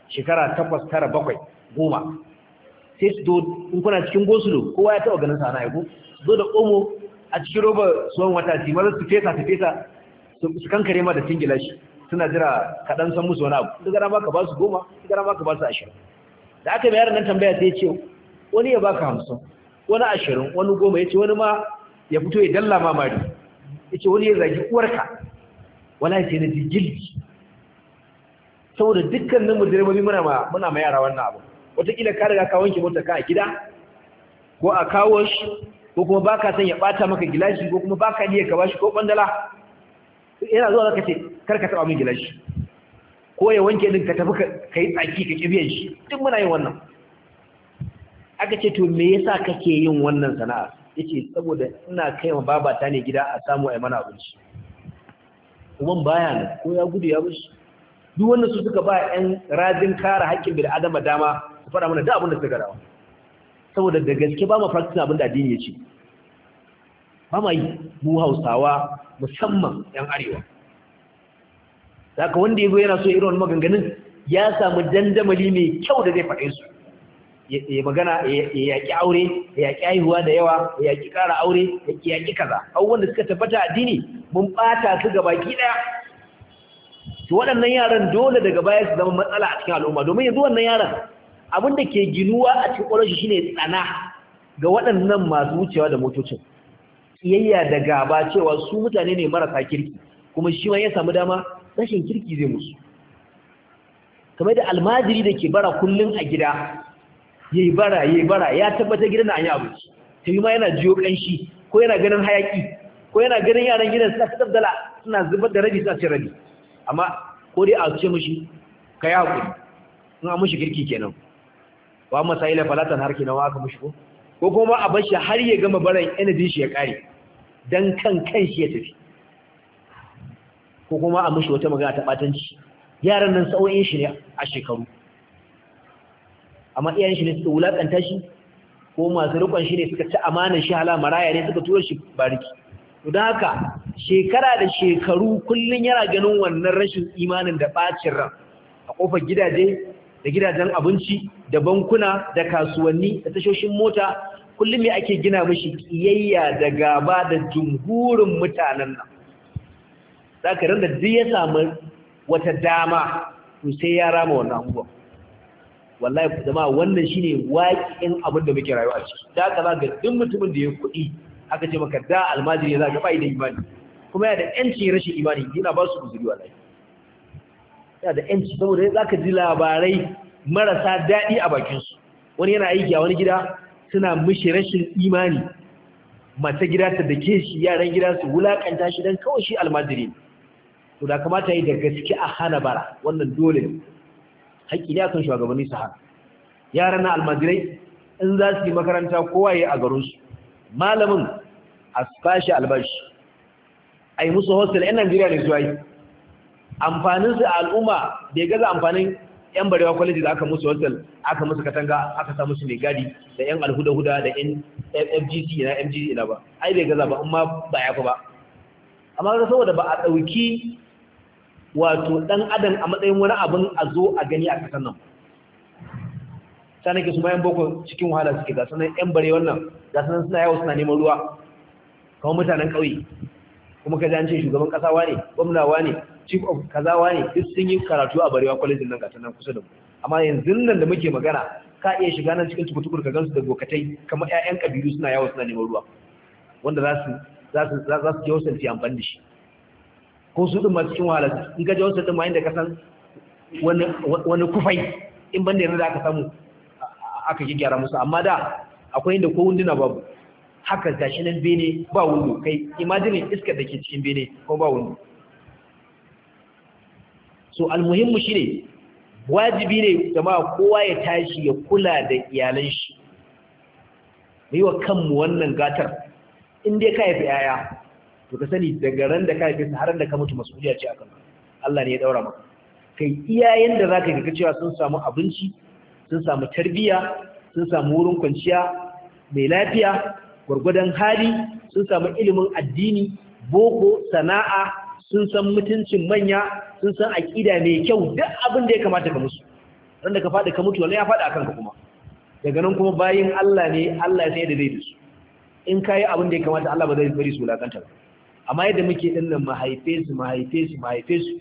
shekara takwas tara bakwai goma sai su zo in kuna cikin gosulo kowa ya taɓa ganin na ya zo da omo a cikin roba tsohon wata ji maza su fesa su fesa su kankare ma da singila shi suna jira kaɗan san musu wani abu duk gara baka ba su goma duk gara baka ba su ashirin da aka bayar nan tambaya sai ce wani ya baka hamsin wani ashirin wani goma ya ce wani ma ya fito ya dalla ma mari ya ce wani ya zagi uwarka wala ce na jigilji saboda dukkanin mu direbobi muna ma muna ma yara wannan abu wataƙila ka riga ka wanke mota ka a gida ko a kawo shi ko kuma baka son ya bata maka gilashi ko kuma baka iya ka bashi ko bandala yana zuwa zaka ce kar ka taba min gilashi ko ya wanke din ka tafi ka yi tsaki ka kibiyan shi duk muna yin wannan aka ce to me yasa kake yin wannan sana'a yace saboda ina kai ma babata ne gida a samu ai mana abinci uban baya ne ko ya gudu ya bushi duk wannan su suka ba 'yan rajin kare haƙƙin bil'adama dama su faɗa mana da abin da suka rawa. saboda da gaske ba mu practice abin da addini ya ce ba mu hausawa musamman yan arewa saka wanda ya zo yana so irin wani maganganun ya samu dandamali mai kyau da zai faɗe su ya magana ya yaƙi aure ya yaƙi haihuwa da yawa ya yaƙi ƙara aure ya yaƙi kaza abubuwan da suka tabbata addini mun ɓata su ga baki ɗaya to waɗannan yaran dole daga baya su zama matsala a cikin al'umma domin yanzu wannan yaran abin da ke ginuwa a cikin ƙwarar shi shine tsana ga waɗannan masu wucewa da motocin ƙiyayya da gaba cewa su mutane ne marasa kirki kuma shi ma ya samu dama rashin kirki zai musu kamar da almajiri da ke bara kullum a gida ya yi bara ya yi bara ya tabbatar gidan da an yi abinci ta yi ma yana jiyo ƙanshi ko yana ganin hayaƙi ko yana ganin yaran gidan suna fitar dala suna zubar da rabi suna cin rabi amma ko dai a ce mushi ka yi haƙuri in an mushi kirki kenan wa masaila falatan harki nawa aka mushi ko ko kuma a bar shi har ya gama barin energy shi ya kare dan kan kan shi ya tafi ko kuma a mushi wata magana ta batanci yaran nan sauyin shi ne a shekaru amma iyayen shi ne suka wulakanta shi ko masu rikon shi ne suka ci amanar shi hala maraya ne suka tura shi bariki to don haka shekara da shekaru kullum yana ganin wannan rashin imanin da bacin ran a kofar gidaje da gidajen abinci da bankuna da kasuwanni da tashoshin mota kullum me ake gina mishi kiyayya da gaba da jumhurin mutanen nan zaka randa duk ya samu wata dama to sai ya rama wannan abubuwan wallahi ku jama'a wannan shine waƙin abin da muke rayuwa ciki da ka ga duk mutumin da ya kuɗi haka ce maka da almajiri za ka imani kuma ya da yancin rashin imani yana ba su uzuri wallahi yana da yanci saboda za ka ji labarai marasa daɗi a bakinsu wani yana aiki a wani gida suna mishi rashin imani mata gida ta da ke shi yaran gida su wulakanta shi don kawai shi almajiri to da kamata yi da gaske a hana bara wannan dole ne haƙƙi ne akan shugabanni su hana yaran na almajirai in za su yi makaranta kowa ya a garinsu malamin a bashi albashi a yi musu hostel 'yan najeriya ne zuwa yi amfanin su al'umma bai gaza amfanin yan barewa kwaleji da aka musu wancan, aka musu katanga aka sa musu mai gadi da yan alhuda-huda da yan fgc na mgd na ba ai bai gaza ba amma ba ya ba amma ga saboda ba a ɗauki wato ɗan adam a matsayin wani abin a zo a gani a kasan nan Sani ke su bayan boko cikin wahala suke ga sanan yan bare wannan ga sanan suna yawo suna neman ruwa kamar mutanen ƙauye kuma kaji an ce shugaban kasa wane gwamna wane chief of kaza wane duk sun yi karatu a barewa kwalejin nan gatan nan kusa da mu amma yanzu nan da muke magana ka iya shiga nan cikin tukutukur ka gansu da gokatai kamar ƴaƴan kabilu suna yawo suna neman ruwa wanda za su za su za su je wasan su amfani da shi ko su din ma cikin wahala in ka je wasan da ma inda ka san wani wani kufai in banda yana yanzu da aka samu aka gyara musu amma da akwai inda ko wunduna babu haka gashi nan bene ba wundo kai imajinin iskar da ke cikin bene ko ba wundo so almuhimmu ne, wajibi ne jama'a kowa ya tashi ya kula da iyalan shi mai wa kanmu wannan gatar in dai ka haifi yaya to ka sani daga ran da ka haife su har da ka mutu mas'uliya ce akan Allah ne ya daura maka kai iyayen da za zaka ga cewa sun samu abinci sun samu tarbiyya sun samu wurin kwanciya mai lafiya gwargwadon hali sun samu ilimin addini boko sana'a sun san mutuncin manya sun san aƙida mai kyau duk abin da ya kamata ka musu wanda ka faɗi ka mutu wani ya faɗi a kanka kuma daga nan kuma bayan Allah ne Allah ya da zai da su in ka yi abin da ya kamata Allah ba zai bari su wulakanta ba amma yadda muke ɗin nan mahaife su mahaife su mahaife su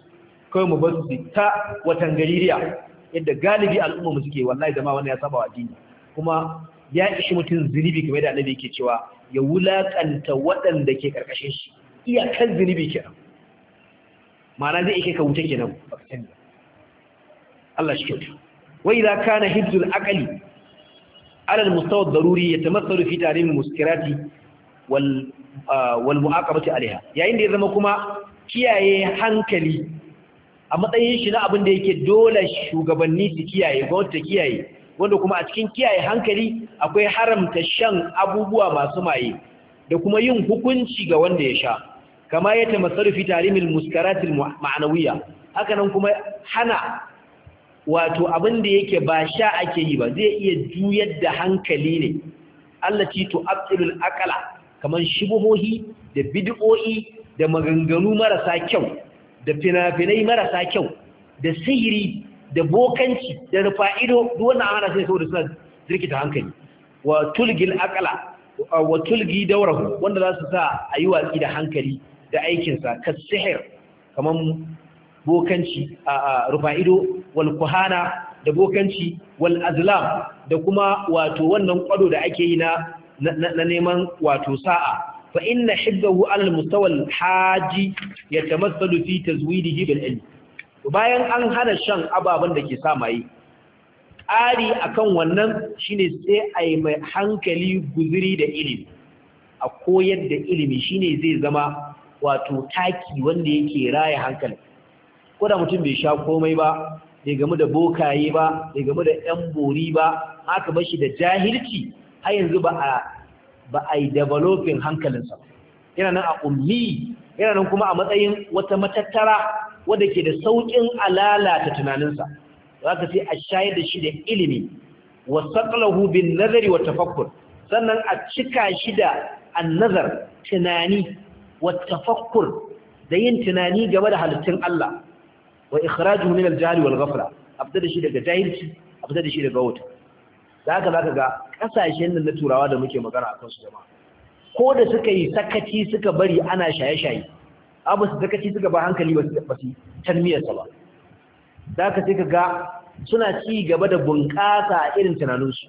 kai mu bar su ta watan gaririya yadda galibi al'umma mu suke wallahi zama wannan ya saba wa addini kuma ya ishi mutum zunubi game da annabi yake cewa ya wulaƙanta waɗanda ke karkashin shi iyakan zunubi kenan ma'ana zai ike ka wuta kenan baka sani ba Allah shi kyauta wai za ka hibzul aqli ala al mustawar ad ya yatamassalu fi tare mai muskirati wal ah, wal alaiha yayin da ya zama kuma kiyaye hankali a matsayin shi na abin da yake dole shugabanni su kiyaye gwamnati ta kiyaye wanda kuma a cikin kiyaye hankali akwai haramta shan abubuwa masu maye da kuma yin hukunci ga wanda ya sha kama ya ta masarufi tarimil muskaratil ma'anawiya haka nan kuma hana wato abin da yake ba sha ake yi ba zai iya juyar da hankali ne Allah to tu'abtilul akala kamar shubuhohi da bid'o'i da maganganu marasa kyau da fina-finai marasa kyau da sihiri da bokanci da rufa ido duk wannan an sai saboda suna jirkita hankali wa tulgil akala, wa tulgi dawrahu wanda za su sa a yi watsi da hankali da aikinsa ka sihir kamar bokanci a rufa ido wal kuhana da bokanci wal azlam da kuma wato wannan kwado da ake yi na na neman wato sa'a fa inna hibbahu ala al mustawa al haji yatamassalu fi tazwidihi bil ilm bayan an hana shan ababen da ke sa maye ƙari a kan wannan shine sai a yi mai hankali guziri da ilimi a koyar da ilimi shine zai zama wato taki wanda yake raya hankali ko da mutum bai sha komai ba bai gamu da bokaye ba bai gamu da yan bori ba haka ba shi da jahilci har yanzu ba a ba a yi developing hankalinsa yana nan a ummi yana nan kuma a matsayin wata matattara wadda ke da sauƙin alalata tunaninsa za ka sai a shayar da shi da ilimi wa saƙalahu bin nazari wa tafakkur sannan a cika shi da annazar tunani wa tafakkur da yin tunani game da halittun Allah wa ikhraju min al-jahl wal ghafla da shi daga jahilci abda da shi daga wuta ka za zaka ga ƙasashen nan na turawa da muke magana a su jama'a ko da suka yi sakaci suka bari ana shaye-shaye abu su sakaci suka ba hankali ba su tarmiyarsa ba da ka sai ka ga suna ci gaba da bunƙasa a irin tunaninsu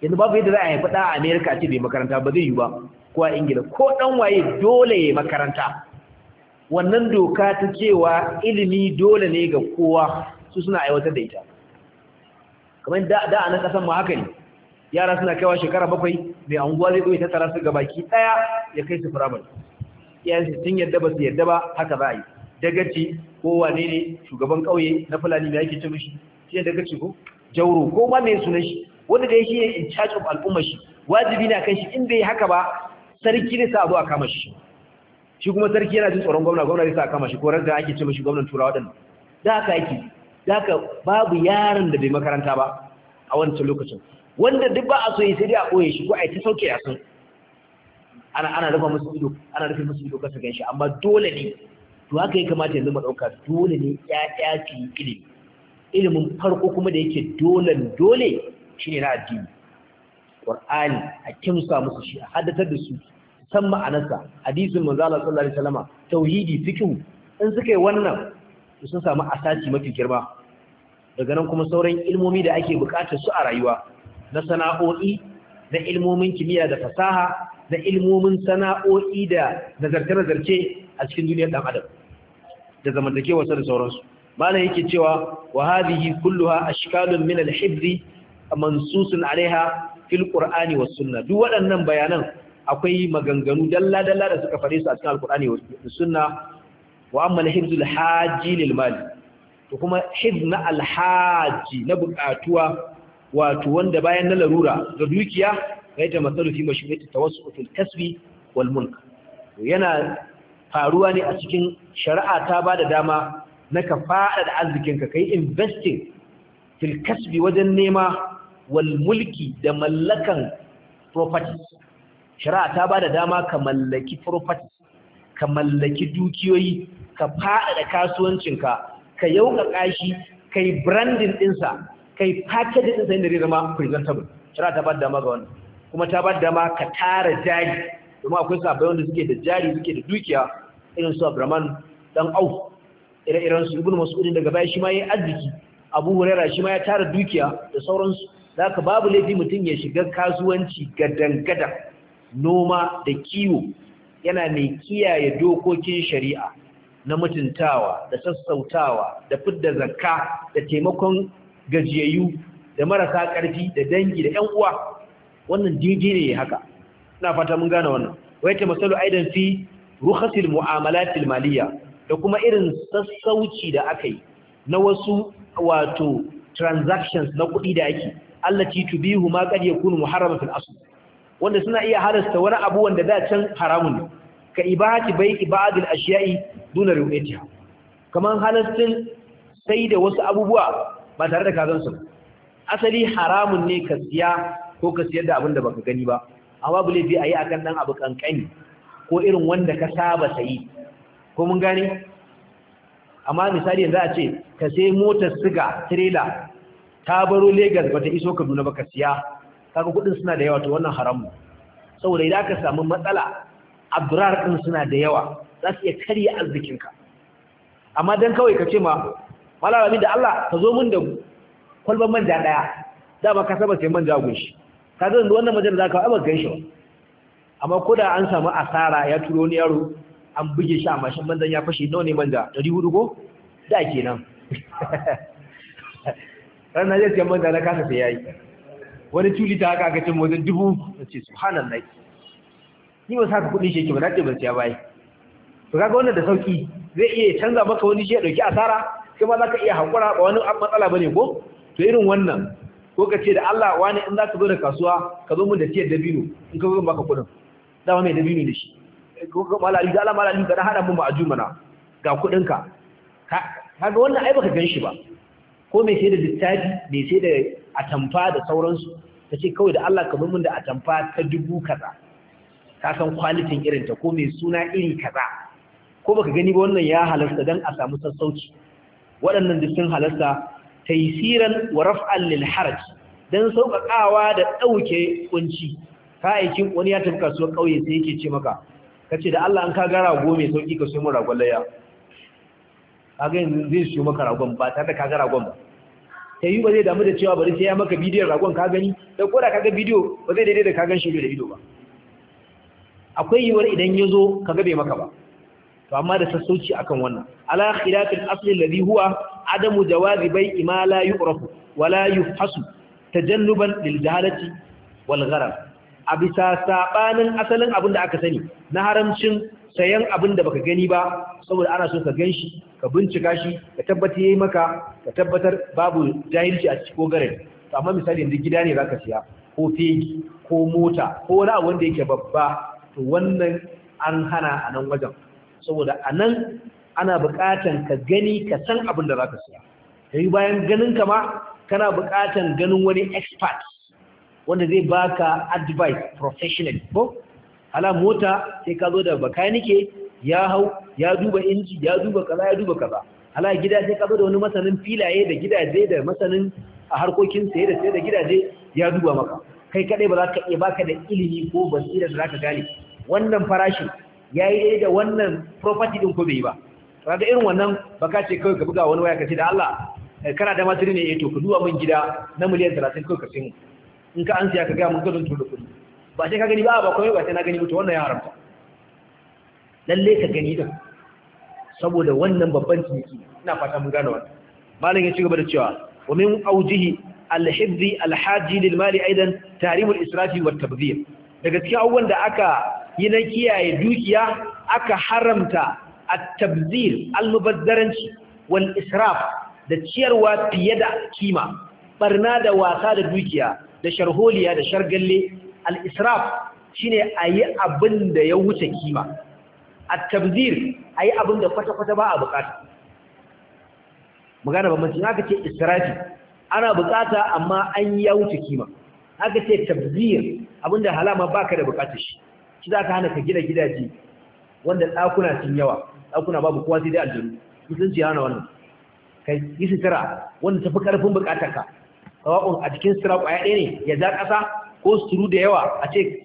yanzu babu yadda za a haifi ɗa a amerika ce bai makaranta ba zai yi ba ko a ingila ko ɗan waye dole ya makaranta wannan doka ta cewa ilimi dole ne ga kowa su suna aiwatar da ita kamar da a nan ƙasan ma haka ne yara suna kaiwa shekara bakwai mai anguwa zai ta tattara su ki ɗaya ya kai su firamare iyayensu sun yadda ba su yadda ba haka za a yi dagaci ko wane ne shugaban kauye na fulani mai yake cin shi ne dagaci ko jauro ko ma mai sunan shi wanda da shi ne in charge of al'umma shi wajibi ne akan shi in bai haka ba sarki ne sa zo a kama shi shi kuma sarki yana jin tsoron gwamna gwamna ne sa a kama shi ko da ake cin shi gwamnan turawa din da haka yake da haka babu yaron da bai makaranta ba a wancan lokacin wanda duk ba a so yi sai dai a ɓoye shi ko a yi ta sauke a sun ana ana rufe musu ido ana rufe musu ido kasa ganshi amma dole ne to haka ya kamata yanzu mu ɗauka dole ne ƴaƴa su yi ilimi ilimin farko kuma da yake dole dole shine na addini qur'ani a sa musu shi a haddatar da su san ma'anarsa hadisin manzo Allah sallallahu alaihi wasallam tauhidi fiqh in suka yi wannan sun samu asasi mafi girma daga nan kuma sauran ilmomi da ake bukatar su a rayuwa na sana'o'i na ilmomin kimiyya da fasaha na ilmomin sana'o'i da nazarce-nazarce a cikin duniyar ɗan adam da zamantakewa da sauransu malam yake cewa wa hadhihi kulluha ashkalun min al mansusun alaiha fil qur'ani was sunna duk waɗannan bayanan akwai maganganu dalla dalla da suka fare su a cikin alqur'ani was sunna wa amma al-hibzul haji lil mali to kuma hibz na na buƙatuwa wato wanda bayan na larura da dukiya kai ta matsalu fi mashru'ati tawassu kasbi wal mulk yana faruwa ne a cikin shari'a ta bada dama na ka fada da arzikin ka kai investing fil kasbi wajen nema wal mulki da mallakan properties shari'a ta bada dama ka mallaki properties ka mallaki dukiyoyi ka fada da kasuwancinka ka ka kashi kai branding dinsa kai fake da sai da zama presentable shara ta bada ma ga wannan kuma ta bada ma ka tara jari domin akwai sabai wanda suke da jari suke da dukiya irin su Abraman dan au ire-iren su Ibn mas'udin daga baya shi ma yayi arziki Abu Huraira shi ma ya tara dukiya da sauransu zaka babu laifi mutum ya shiga kasuwanci gadangada noma da kiwo yana mai kiyaye dokokin shari'a na mutuntawa da sassautawa da fidda zakka da taimakon gajiyayyu da marasa ƙarfi da dangi da ƴan uwa wannan daidai ne haka ina fata mun gane wannan wai ta masalu aidan fi rukhasil mu'amalatil maliya da kuma irin sassauci da aka yi na wasu wato transactions na kuɗi da ake allati bihu ma qad yakunu muharrama fil asl wanda suna iya halasta wani abu wanda da can haramun ne ka ibahati bai ibadil ashiya'i duna ru'yatiha kaman halastin sai da wasu abubuwa ba tare da ka su asali haramun ne ka siya ko ka siyar da abin da baka gani ba amma bule bi a yi akan dan abu kankani ko irin wanda ka saba sayi ko mun gane amma misali yanzu a ce ka sai motar siga tirela ta baro Legas bata iso Kaduna ba ka siya kaga kudin suna da yawa to wannan haramu saboda idan ka samu matsala abrar din suna da yawa za su iya karya arzikinka amma dan kawai ka ce ma malalamin da Allah ta zo mun da kwalban manja daya dama ka saba sai manja gunshi ka zo da wannan manjan da zaka ba gan shi wa. amma ko da an samu asara ya turo ni yaro an buge shi a mashin manjan ya fashe nawa ne manja 400 ko da kenan ran na je sai manja na kasa sai yayi wani tuli ta haka ka ce wajen dubu ce Subhanallah. ni ba sa ka kudin shi ke ba ce ba sai ya bai to kaga wannan da sauki zai iya canza maka wani shi ya dauki asara kai ma za ka iya haƙura ba wani matsala ba ne ko to irin wannan ko ka ce da Allah wani in za ka zo da kasuwa ka zo mun da tiyar dabino in ka zo baka kuɗin dama mai dabino da shi ko ka malali da Allah malali ka hada mun ba a jumana ga kuɗin ka ga wannan ai baka gan shi ba ko mai sai da littafi mai sai da atamfa da sauransu ta ce kawai da Allah ka zo mun da atamfa ta dubu kaza ka san kwalitin irinta ko mai suna iri kaza ko baka gani ba wannan ya halarta dan a samu sassauci waɗannan duk sun halarta taisiran wa raf'an lil haraj dan sauƙaƙawa da ɗauke kunci kayayyakin wani ya tafi kasuwar ƙauye sai yake ce maka kace da Allah an ka ga rago mai sauki ka sayo mu ragon layya kaga yanzu zai siyo maka ragon ba tare da ka ga ragon ba ta yi ba zai damu da cewa bari sai ya maka bidiyon ragon ka gani da koda ka ga bidiyo ba zai daidai da ka gan shi da ido ba akwai yiwuwar idan ya zo ka ga bai maka ba to amma da sassauci akan wannan ala khilafil asli ladhi huwa adamu jawazi Bai, ma la yu'rafu wa la yufhasu tajannuban lil jahalati wal gharar a bisa sabanin asalin abin da aka sani na haramcin sayan abin da baka gani ba saboda ana so ka ganshi ka bincika shi ka tabbata yayi maka ka tabbatar babu jahilci a cikin To amma misali yanzu gida ne zaka siya ko fegi ko mota ko wani abu wanda yake babba to wannan an hana a nan wajen saboda a nan ana buƙatan ka gani ka san abin da za ka siya ka yi bayan ganin ka ma kana buƙatan ganin wani expert wanda zai baka advice professional ko ala mota sai ka zo da bakanike ya hau ya duba inji ya duba kaza ya duba kaza ala gida sai ka zo da wani masanin filaye da gidaje da masanin a harkokin saye da saye da gidaje ya duba maka kai kadai ba za ka iya baka da ilimi ko basira da za ka gane wannan farashin Ya yi dai da wannan property din ko bai ba kaga irin wannan baka ce kawai ka buga wani waya ka ce da Allah eh, kana da matiri ne eh to ku zuwa min gida na miliyan 30 kawai ka sai mu in ka an siya ka ga mun gudun turu kudi ba sai ka gani ba ba komai ba sai na gani mutu wannan ya haramta lalle ka gani da saboda wannan babban ciniki ina fata mun gane wannan malam ya ci gaba da cewa wa min aujihi alhibzi alhaji lil mali aidan tarimul israfi wat tabdhir daga cikin abubuwan da aka yi na kiyaye dukiya aka haramta at-tabzir al-mubazzaranci wal israf da ciyarwa fiye da kima barna da wasa da dukiya da sharholiya da shargalle al-israf shine ayi abin da ya wuce kima A tabzir ayi abin da kwata-kwata ba a bukata magana ba mutum aka ce israfi ana bukata amma an yi ya wuce kima aka ce tabzir abinda halama baka da bukatar shi shi za ka hana ka gina gidaje wanda ɗakuna sun yawa ɗakuna babu kowa sai dai aljanu musulunci ya hana wannan ka yi sutura wanda tafi karfin bukatar ka sawa'un a cikin sutura kwaya ɗaya ne ya ja ƙasa ko suturu da yawa a ce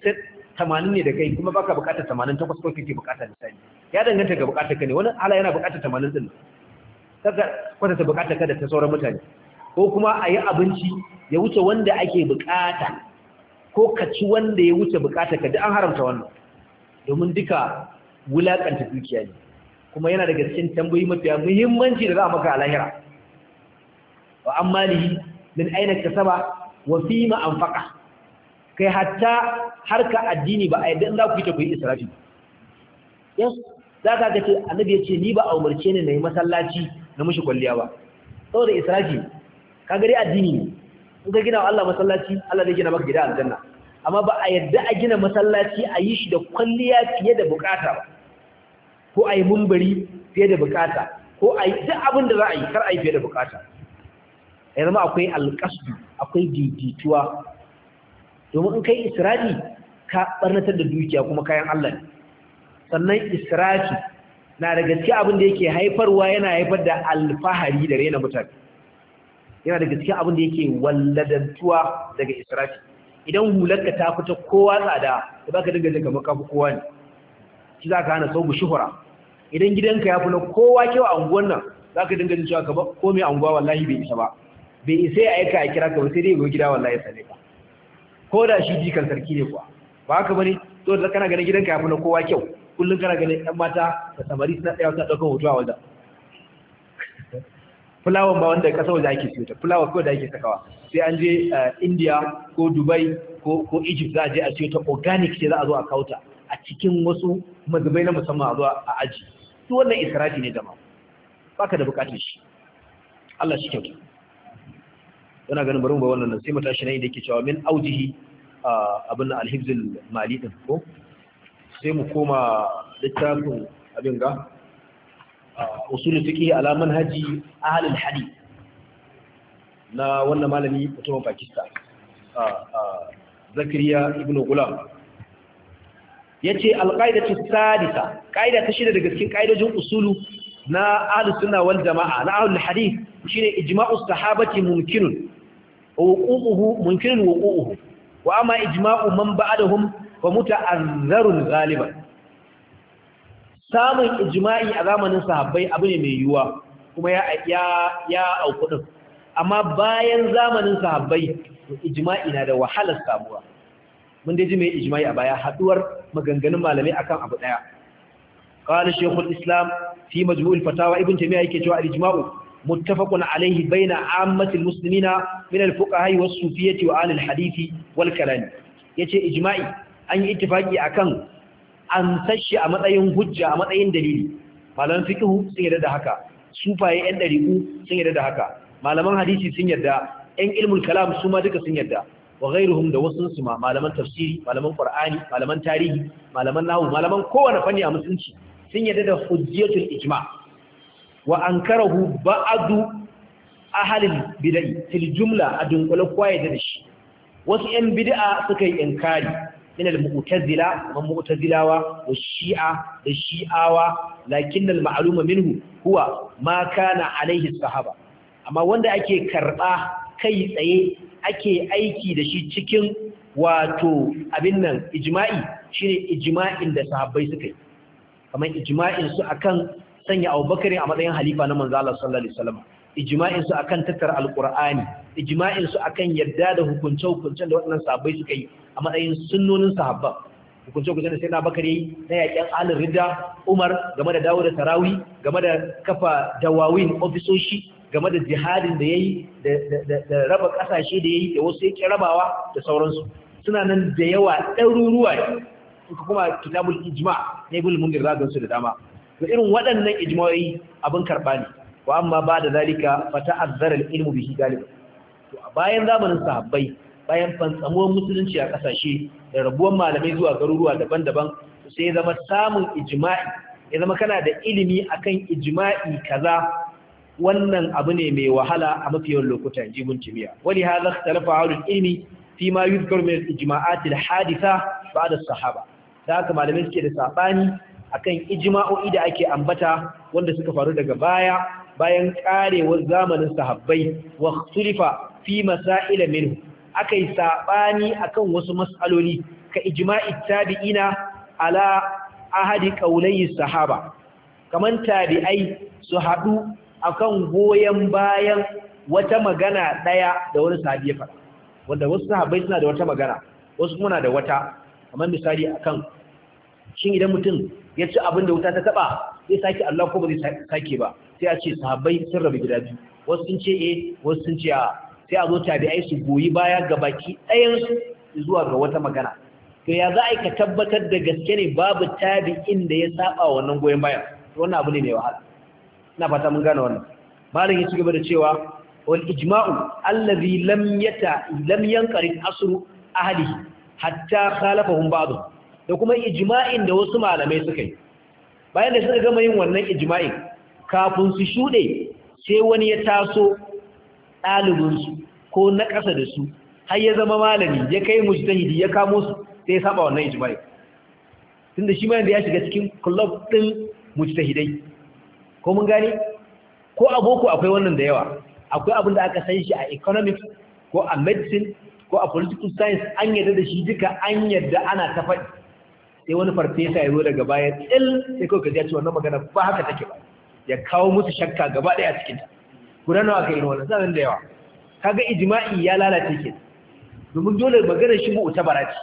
tamanin ne da kai kuma baka bukatar tamanin takwas ko kake bukatar misali ya danganta ga bukatar ka ne wani ala yana bukatar tamanin din kaga ta bukatar ka da ta sauran mutane ko kuma a yi abinci ya wuce wanda ake bukata ko ka ci wanda ya wuce bukata ka da an haramta wannan domin duka wulakanta dukiya ne kuma yana daga cikin tambayi mafiya muhimmanci da za a maka a lahira wa an min aina kasaba wa fi ma anfaqa kai hatta harka addini ba a yadda in za ku fita ku yi israfi yes za ka ce annabi ya ce ni ba a umarce ni na yi masallaci na mushi kwalliya ba saboda israfi ka gari addini ne in ka gina Allah masallaci Allah zai gina maka gida aljanna amma ba a yadda a gina masallaci a yi shi da kwalliya fiye da bukata ba ko a yi mumbari fiye da bukata ko a yi duk abin da za a yi kar a yi fiye da bukata ya zama akwai alƙasdu akwai daidaituwa domin in kai israfi ka barnatar da dukiya kuma kayan Allah ne sannan israfi na daga cikin abin da yake haifarwa yana haifar da alfahari da raina mutane yana daga cikin abin da yake walladantuwa daga israfi idan hularka ta fita kowa tsada da baka dinga jin makafi kowa ne shi za ka hana sau shuhura idan gidanka ya fula kowa kewa unguwan nan za ka dinga jin cewa ka ko mai unguwa wallahi bai isa ba bai isa ya aika a kira ka ba sai dai ga gida wallahi sai ka ko da shi jikan sarki ne kuwa ba haka bane to da kana ganin gidanka ya fula kowa kyau kullun kana ganin ɗan mata da samari suna tsaya suna ɗaukar hoto a wajen fulawan ba wanda kasa waje ake siyo ta fulawa kawai da ake sakawa sai an je eh, India ko Dubai ko Egypt za a je a siyota organic ce za a zo a kauta a cikin wasu mazubai na musamman a zuwa a aji su wannan israfi ne jama'a ka da bukatar shi Allah shi kyauta yana ganin bari mu ba wannan nan sai mu tashi nan da ke cewa min aujihi ah, abin alhibzul mali din ko sai mu koma littafin abin ga usul fiqh ala manhaji ahli al-hadith na wannan malami mutumin Pakistan Zakariya ibn Gulam yace al-qaidatu sadisa qaida ta shida daga cikin qaidojin usulu na ahlus sunna wal jamaa na ahlul hadith shine ijma'u sahabati mumkinun wuquhu mumkinun wuquhu wa amma ijma'u man ba'dahum fa muta'azzarun ghaliban samun ijma'i a zamanin sahabbai abu ne mai yiwuwa kuma ya ya auku din amma bayan zamanin sahabbai ijma'i na da wahalar samuwa mun dai ji mai ijima'i a baya haduwar maganganun malamai akan abu daya qala shaykhul islam fi majmu'il fatawa ibn taymiyyah yake cewa al-ijma'u muttafaqun alayhi bayna 'ammatil muslimina min al-fuqaha was-sufiyyah wa ahli al-hadith wal kalam yace ijma'i an yi ittifaki akan an shi a matsayin hujja a matsayin dalili malaman fiqhu sun yarda da haka sufaye yan dariku sun yarda da haka malaman hadisi sun yarda yan ilmul kalam su ma duka sun yarda wa ghairuhum da wasu su ma malaman tafsiri malaman qur'ani malaman tarihi malaman nahwu malaman kowane fanni a musulunci sun yarda da hujjatul ijma wa ankarahu ba'du ahalil bid'ah til jumla adun kullu kwaye da shi wasu yan bid'a suka yi inkari من المعتزلة من معتزلة والشيعة والشيعة لكن المعلوم منه هو ما كان عليه الصحابة أما وندا أكي كربا كي تأي أكي أيكي دشي تكين واتو أبنن إجماعي شيني إجماع إن الصحابة سكي كما إجماع إن سو أكن سنة أو بكر أما دين حليفة نمان الله صلى الله عليه وسلم ijma'in su akan tattara alqur'ani ijma'in su akan yarda da hukunce hukuncen da waɗannan sahabbai suka yi a matsayin sunnonin sahabban hukunce hukunce da sai na bakari na yaƙin alin ridda umar game da dawo da tarawi game da kafa dawawin ofisoshi game da jihadin da ya yi da raba ƙasashe da ya da wasu yake rabawa da sauransu suna nan da yawa ɗaruruwa ne kuma kitabul ijma ne ibn mungir da dama to irin waɗannan ijma'o'i abin karɓa ne wa amma ba da zalika fata azzara ilmu bihi galiba to bayan zamanin sahabbai bayan fantsamuwar musulunci a kasashe da rabuwar malamai zuwa garuruwa daban-daban sai zama samun ijma'i ya zama kana da ilimi akan ijma'i kaza wannan abu ne mai wahala a mafi lokutan lokuta ji mun jimiya wani hadha ikhtalafa ahlul ilimi fi ma yuzkar min al-ijma'at da haditha ba'da da sahaba da haka malamai suke da sabani akan ijma'o'i da ake ambata wanda suka faru daga baya bayan karewar zamanin sahabbai wa khulifa fi masail minhu akai sabani akan wasu mas'aloli ka ijma'i tabi'ina ala ahadi qawlai sahaba kaman tabi'ai su hadu akan goyen bayan wata magana daya da wani sahabi ya faɗa wanda wasu sahabbai suna da wata magana wasu muna da wata kaman misali akan shin idan mutum ya ci abin da wuta ta taba sai sake Allah ko ba zai sake ba sai a ce sahabbai sun rabu gida biyu wasu sun ce eh wasu sun ce a sai a zo tabi'ai su goyi baya ga baki ɗayan su zuwa ga wata magana to ya za a ka tabbatar da gaske ne babu tabi'in da ya saba wannan goyon baya. wannan abu ne mai wahala ina fata mun gane wannan malam ya ci gaba da cewa wal ijma'u allazi lam yata lam yanqari asru ahli hatta khalafahum ba'd da kuma ijma'in da wasu malamai suka yi bayan da suka gama yin wannan ijma'i kafin su shuɗe sai wani ya taso ɗalibinsu ko na ƙasa da su har ya zama malami ya kai mujtahidi ya kamo su sai ya saba wannan ijma'i tunda shi ma ya shiga cikin club din mujtahidai ko mun gane ko a akwai wannan da yawa akwai abin da aka san shi a economics ko a medicine ko a political science an yarda da shi duka an yarda ana ta faɗi sai wani farfesa ya zo daga baya tsil sai kawai gajiya ce wannan magana ba haka take ba ya kawo musu shakka gaba ɗaya a cikinta guda nawa aka yi wannan zanen da yawa kaga ijma'i ya lalace ke domin dole maganar shi mu ta barati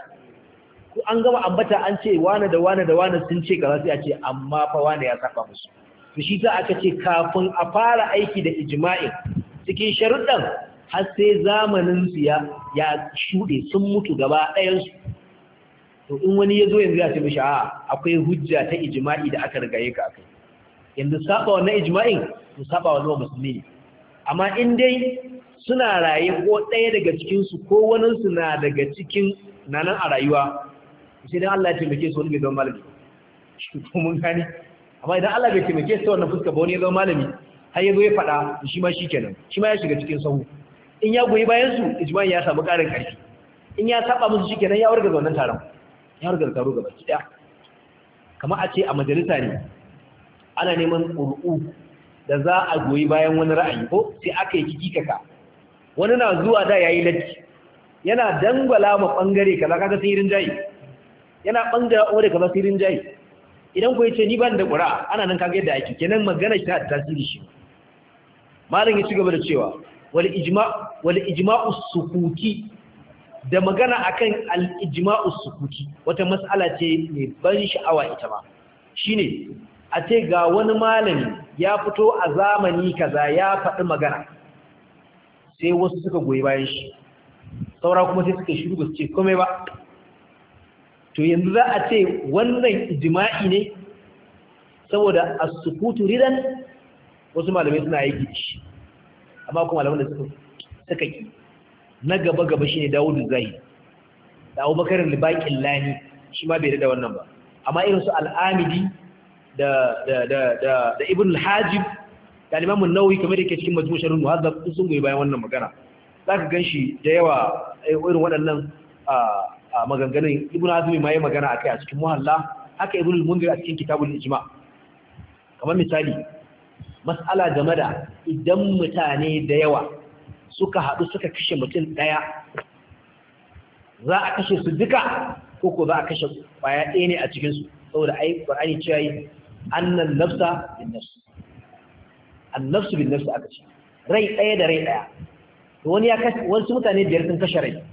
ko an gama ambata an ce wane da wane da wane sun ce kaza sai a ce amma fa wane ya saba musu to shi ta aka ce kafin a fara aiki da ijima'i cikin sharuɗan har sai zamanin su ya ya shuɗe sun mutu gaba ɗayansu to in wani ya zo yanzu ya ce mishi a akwai hujja ta ijma'i da aka rigaye ka akai yanzu saba wannan ijma'in to saba wannan musulmi ne amma in dai suna raye ko ɗaya daga cikin su ko wani su na daga cikin nanan a rayuwa sai dan Allah ya taimake su wani bai zama malami to ko mun gane amma idan Allah bai taimake su wannan fuska ba wani ya zama malami har ya zo ya faɗa shi ma shikenan shi ma ya shiga cikin sahu in ya goyi bayan su ijma'in ya samu ƙarin ƙarfi in ya saba musu shikenan ya warga zaunan taron ya riga gaba ki a ce a majalisa ne ana neman ƙuru'u da za a goyi bayan wani ra'ayi ko sai aka yi kikikaka wani na zuwa da yayi latti yana dangwala ma bangare kaza kaga sai jayi. yana bangara ore kaza sai jayi idan ku yace ni ban da ƙura ana nan kaga yadda ake kenan magana ta tasiri shi malam ya ci gaba da cewa wal ijma' wal ijma'u sukuti da magana akan al sukuti wata mas'ala ce mai ban sha'awa ita shi shine a ce ga wani malami ya fito a zamani kaza ya faɗi magana sai wasu suka goyi bayan shi saura kuma sai suka shiru ba su ce komai ba to yanzu za a ce wannan ijma'i ne saboda as-sukutu ridan wasu malamai suna yi da amma kuma malamai suka suka na gaba gaba shi ne Dawudu Zahiri da Abubakar Libaqil Lani shi ma bai da wannan ba amma irin su al da Ibn al-Hajib da Imam an kamar da ke cikin Majmu' Sharh al-Muhazzab sun goyi bayan wannan magana Za zaka ganshi da yawa eh, irin waɗannan a maganganun Ibn Azmi ma yayi magana kai a cikin Muhalla haka Ibn al-Mundhir a cikin kitabun Ijma' kamar misali mas'ala game da idan mutane da yawa suka haɗu suka kashe mutum ɗaya za a kashe su duka ko za a kashe ƙwaya ɗaya ne a cikinsu saboda ai ƙwarani cewa yi annan nafsa bin nafsu annafsu bin nafsu aka ce rai ɗaya da rai ɗaya to wani ya kashe wasu mutane biyar sun kashe rai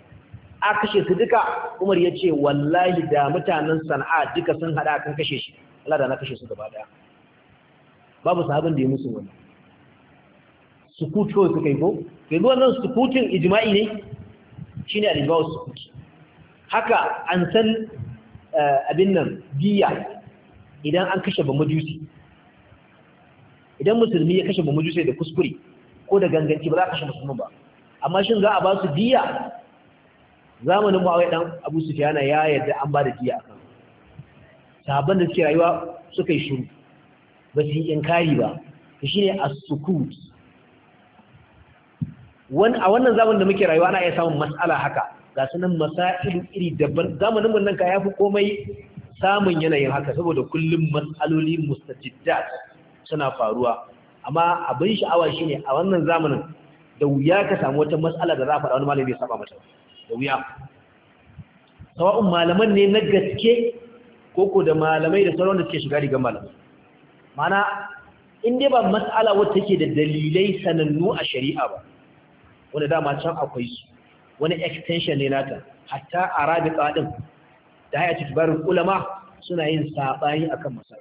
a kashe su duka umar ya ce wallahi da mutanen sana'a duka sun haɗa kan kashe shi Allah da na kashe su gaba ɗaya babu sahabin da ya musu wannan sukut kawai suka yi ko yanzu wannan sukutin ijma'i ne shi ne ijmau sukuti haka an san eh, abin nan biya idan an kashe ba majusi idan musulmi ya kashe ba majusi da kuskure ko da ganganci ba za a kashe musulmi ba amma shi za a ba su biya? zamanin mu'awai dan abu sufiyana ya yadda an ba da a kan sahabban da suke rayuwa suka yi shiru ba su yi inkari ba shi ne a sukut a wannan zamanin da muke rayuwa ana iya samun mas'ala haka ga sunan masailu iri daban zamanin wannan ka ka yafi komai samun yanayin haka saboda kullum mas'aloli mustajiddat suna faruwa amma abin sha'awa shine a wannan zamanin da wuya ka samu wata mas'ala da za a faɗa wani malami ya saba mata da wuya sawa'un malaman ne na gaske koko da malamai da sauran da suke shiga rigar malamai mana in dai ba mas'ala wata take da dalilai sanannu a shari'a ba wani dama can akwai su wani extension ne nata hatta arabic din da haya tibarin ulama suna yin sabani akan masai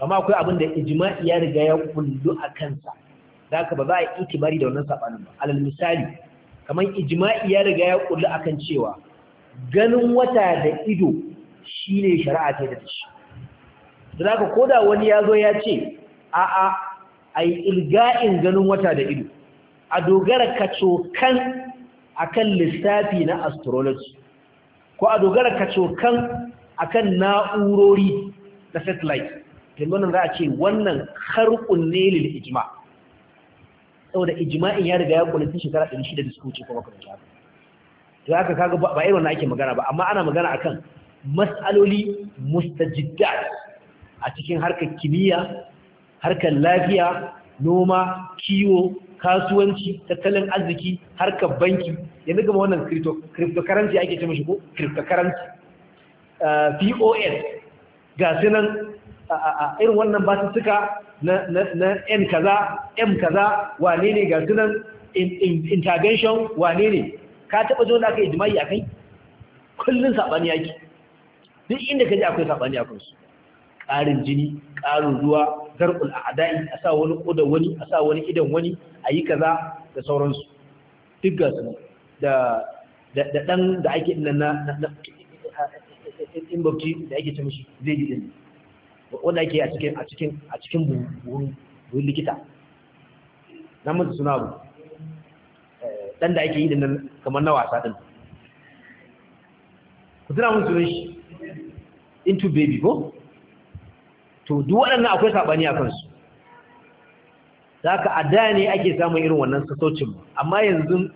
amma akwai abin da ijma'i ya riga ya kullu a kansa da haka ba za a itibari da wannan sabanin ba alal misali kamar ijma'i ya riga ya kullu akan cewa ganin wata da ido shine shari'a ta da shi da haka koda wani ya zo ya ce a'a ai ilga'in ganin wata da ido a dogara kacokan cokan kan lissafi na astrology ko a dogara kacokan cokan kan na'urori da satellite tilmanin za a ce wannan harkun ne lil ijma saboda ijma'in ya riga ya kulli shekara 600 da suka wuce kuma kuma ta to haka kaga ba irin wannan ake magana ba amma ana magana akan mas'aloli mustajiddat a cikin harkar kimiyya harkar lafiya noma kiwo kasuwanci tattalin arziki harkar banki yanzu gama wannan cryptocurrency ake ce mashi ko cryptocurrency eh, pos ga su nan a irin wannan basussuka na n kaza m kaza wane ne ga su nan intervention wane ne ka taɓa zo da aka yi jima'i a kai kullum saɓani yaki duk inda ka ji akwai saɓani akwai su, ƙarin jini ƙarin ruwa zarqul a'da'i a sa wani koda wani a sa wani idan wani a yi kaza da sauransu duk ga su da da dan da ake nan na in da ake ce zai yi din wanda ake a cikin a cikin a cikin buhun likita na musu suna abu dan eh, da ake yi din kamar na wasa din ku tuna mun suna shi into baby ko to duk waɗannan akwai saɓani a kansu za ka a da ne ake samun irin wannan sassaucin amma yanzu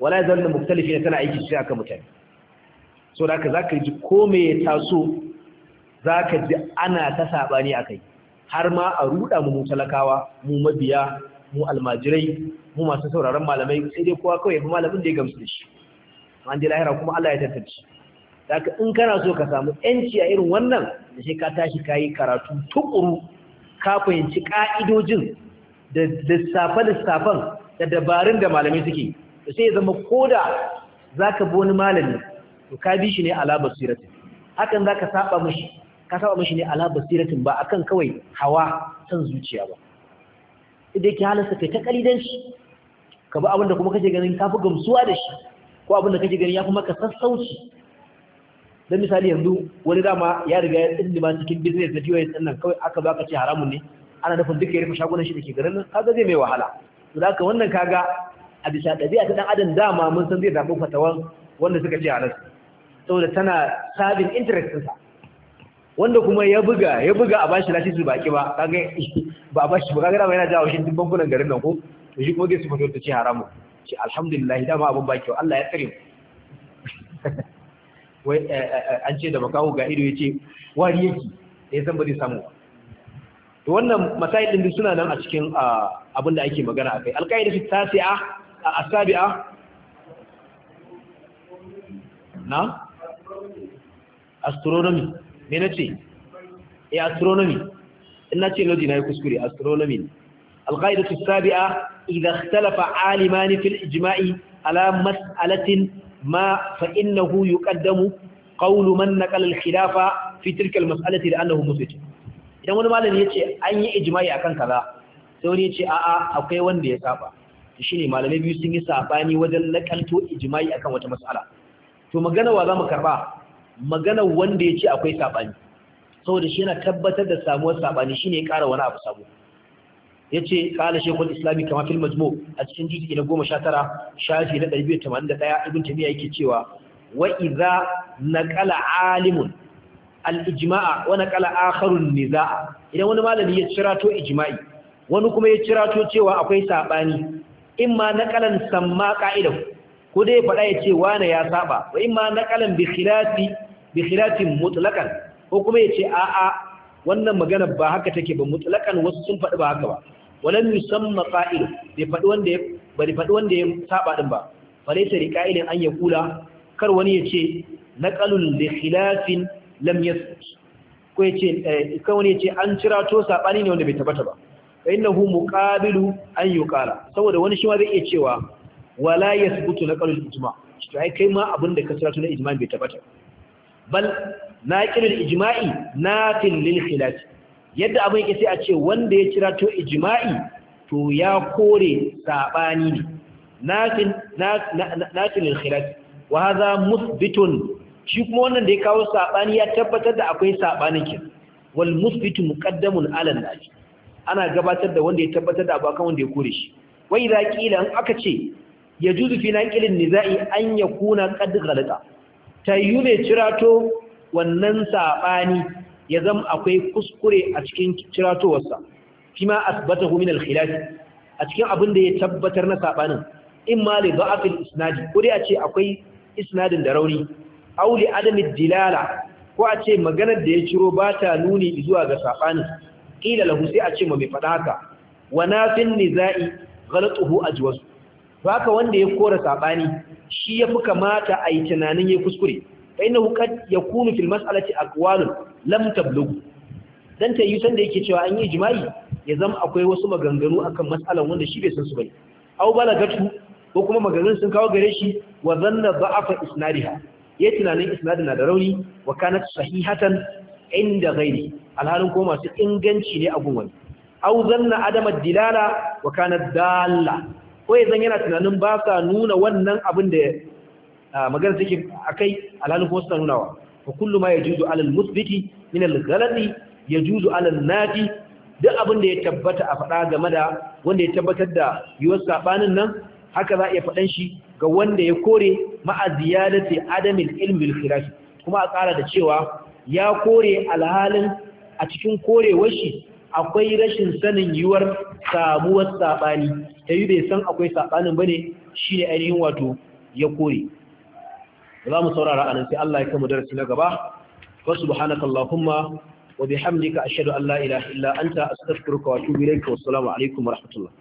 wala zan da muktalifi na tana aiki a aka mutane so da ka za ka ji kome ya taso za ka ji ana ta saɓani a kai har ma a ruɗa mu talakawa mu mabiya mu almajirai mu masu sauraron malamai sai dai kowa kawai ya fi malamin da ya gamsu da shi an dai lahira kuma Allah ya tantance Daga in kana so ka samu ‘yanci a irin wannan da shi ka tashi ka yi karatu tukuru ka fahimci ƙa'idojin da lissafe-lissafen da dabarun da malamai suke da sai ya zama koda za ka bi wani malami to ka bi shi ne ala basiratin hakan za ka saba mashi ka saba mashi ne ala basiratin ba akan kawai hawa san zuciya ba idan ki halasta kai ta kalidanci ka bi abin da kuma kake ganin ka fi gamsuwa da shi ko abin da kake ganin ya fi maka sassauci don misali yanzu wani dama ya riga ya ma cikin business na POS ɗin nan kawai aka baka ce haramun ne ana nufin duka ya rufe shagunan shi da ke garin nan kaga zai mai wahala to da haka wannan kaga a bisa ɗabi'a ta ɗan adam dama mun san zai zaɓi fatawan wanda suka ce halas saboda tana sabin interest ɗinsa wanda kuma ya buga ya buga a bashi lasisi baki ba kaga ba a bashi ba kaga dama yana jawo shi duk bankunan garin nan ko to shi kuma zai su fito ta ce haramun ce alhamdulillah dama abun baki Allah ya tsare mu Eh, eh, eh, an ce da makaho ga ido ya ce wari yake ya zan ba zai samu ba. wannan masail ɗin suna nan a cikin abin da ake magana a kai. alƙaida su tasi'a a asabi'a na astronomy me na ce e astronomy ina ce lodi na yi kuskure astronomy alƙaida su sabi'a idan ikhtalafa alimani fil ijma'i ala mas'alatin ma fa innahu yuqaddamu qawlu man naqala al-khilafa fi tilka al-mas'alati li'annahu muslim idan wani malami yace an yi ijma'i akan kaza sai wani yace a'a akwai wanda ya saba malamai biyu sun yi sabani wajen nakalto ijma'i akan wata mas'ala to magana wa zamu karba Maganar wanda ya ce akwai sabani saboda shi yana tabbatar da samuwar sabani shine ya kara wani abu sabo yace qala shaykhul islami kama fil majmu a cikin juz'i na 19 shafi na 281 ibn tamiya yake cewa wa idza naqala alimun al ijma'a wa naqala akharun nizaa idan wani malami ya cirato ijma'i wani kuma ya cirato cewa akwai sabani imma naqalan samma qa'idahu ko dai faɗa ya ce wane ya saba wa imma naqalan bi khilafi bi khilafin mutlaqan ko kuma ya ce a'a wannan magana ba haka take ba mutlakan wasu sun faɗi ba haka ba Walan yusamma qa'il bai faɗi wanda ya bari faɗi wanda ya saba din ba falaita riqa'ilin an yaqula kar wani ya ce naqalul li khilafin lam yasbut ko ya ce eh, kar wani ya ce an cira to sabani ne wanda bai tabbata ba fa innahu muqabilu an yuqala saboda wani shi ma zai iya cewa wala yasbutu naqalul ijma to ai kai ma abin da ka cira to na ijma bai tabbata bal naqilul ijma'i natin lil khilafi yadda abin yake sai a ce wanda ya kira to ijma'i to ya kore sabani ne nafin nafin khilaf wa hadha musbitun shi kuma wannan da ya kawo sabani ya tabbatar da akwai sabani kin wal musbitu muqaddamun ala nafi ana gabatar da wanda ya tabbatar da abakan wanda ya kore shi wa idza qila an aka ce yajuzu fi naqilin nizai an yakuna qad ghalata tayyune cirato wannan sabani ya zama akwai kuskure a cikin ciratowarsa fima hu min al-khilaf a cikin abin da ya tabbatar na sabanin in ma li da'afil isnad ko dai a ce akwai isnadin da rauni aw li adami dilala ko a ce maganar da ya ciro ba ta nuni zuwa ga sabanin qila lahu sai a ce mai fada haka wa nafin nizai ghalatuhu ajwaz haka wanda ya kora sabani shi yafi kamata a yi tunanin ya kuskure فإنه قد يكون في المسألة أقوال لم تبلغ dan ta yi sanda yake cewa an yi jima'i ya zama akwai wasu maganganu akan mas'alan wanda shi bai san su bane aw balagatu ko kuma maganganun sun kawo gare shi wa dhanna da'afa isnadiha ya tunanin isnadin na da rauni wa kanat sahihatan inda ghairi alhalin ko masu inganci ne a gun wani aw dhanna adama dilala wa kanat dalla ko ya zan yana tunanin ba sa nuna wannan abin da magana take akai alhalin kuma suna nunawa fa kullu ma yajuzu alal musbiti min al ghalati yajuzu alal nadi duk abin da ya tabbata a faɗa game da wanda ya tabbatar da yiwuwar sabanin nan haka za a iya faɗan shi ga wanda ya kore ma'a ziyadati adamil ilmi bil kuma a ƙara da cewa ya kore alhalin a cikin korewar shi akwai rashin sanin yiwuwar samuwar sabani ta yi bai san akwai saɓanin bane shine ainihin wato ya kore za mu saurara anan sai Allah ya kama darasi na gaba wa subhanaka allahumma wa bihamdika ashhadu an la ilaha illa anta astaghfiruka wa atubu ilayka wa assalamu alaikum wa rahmatullah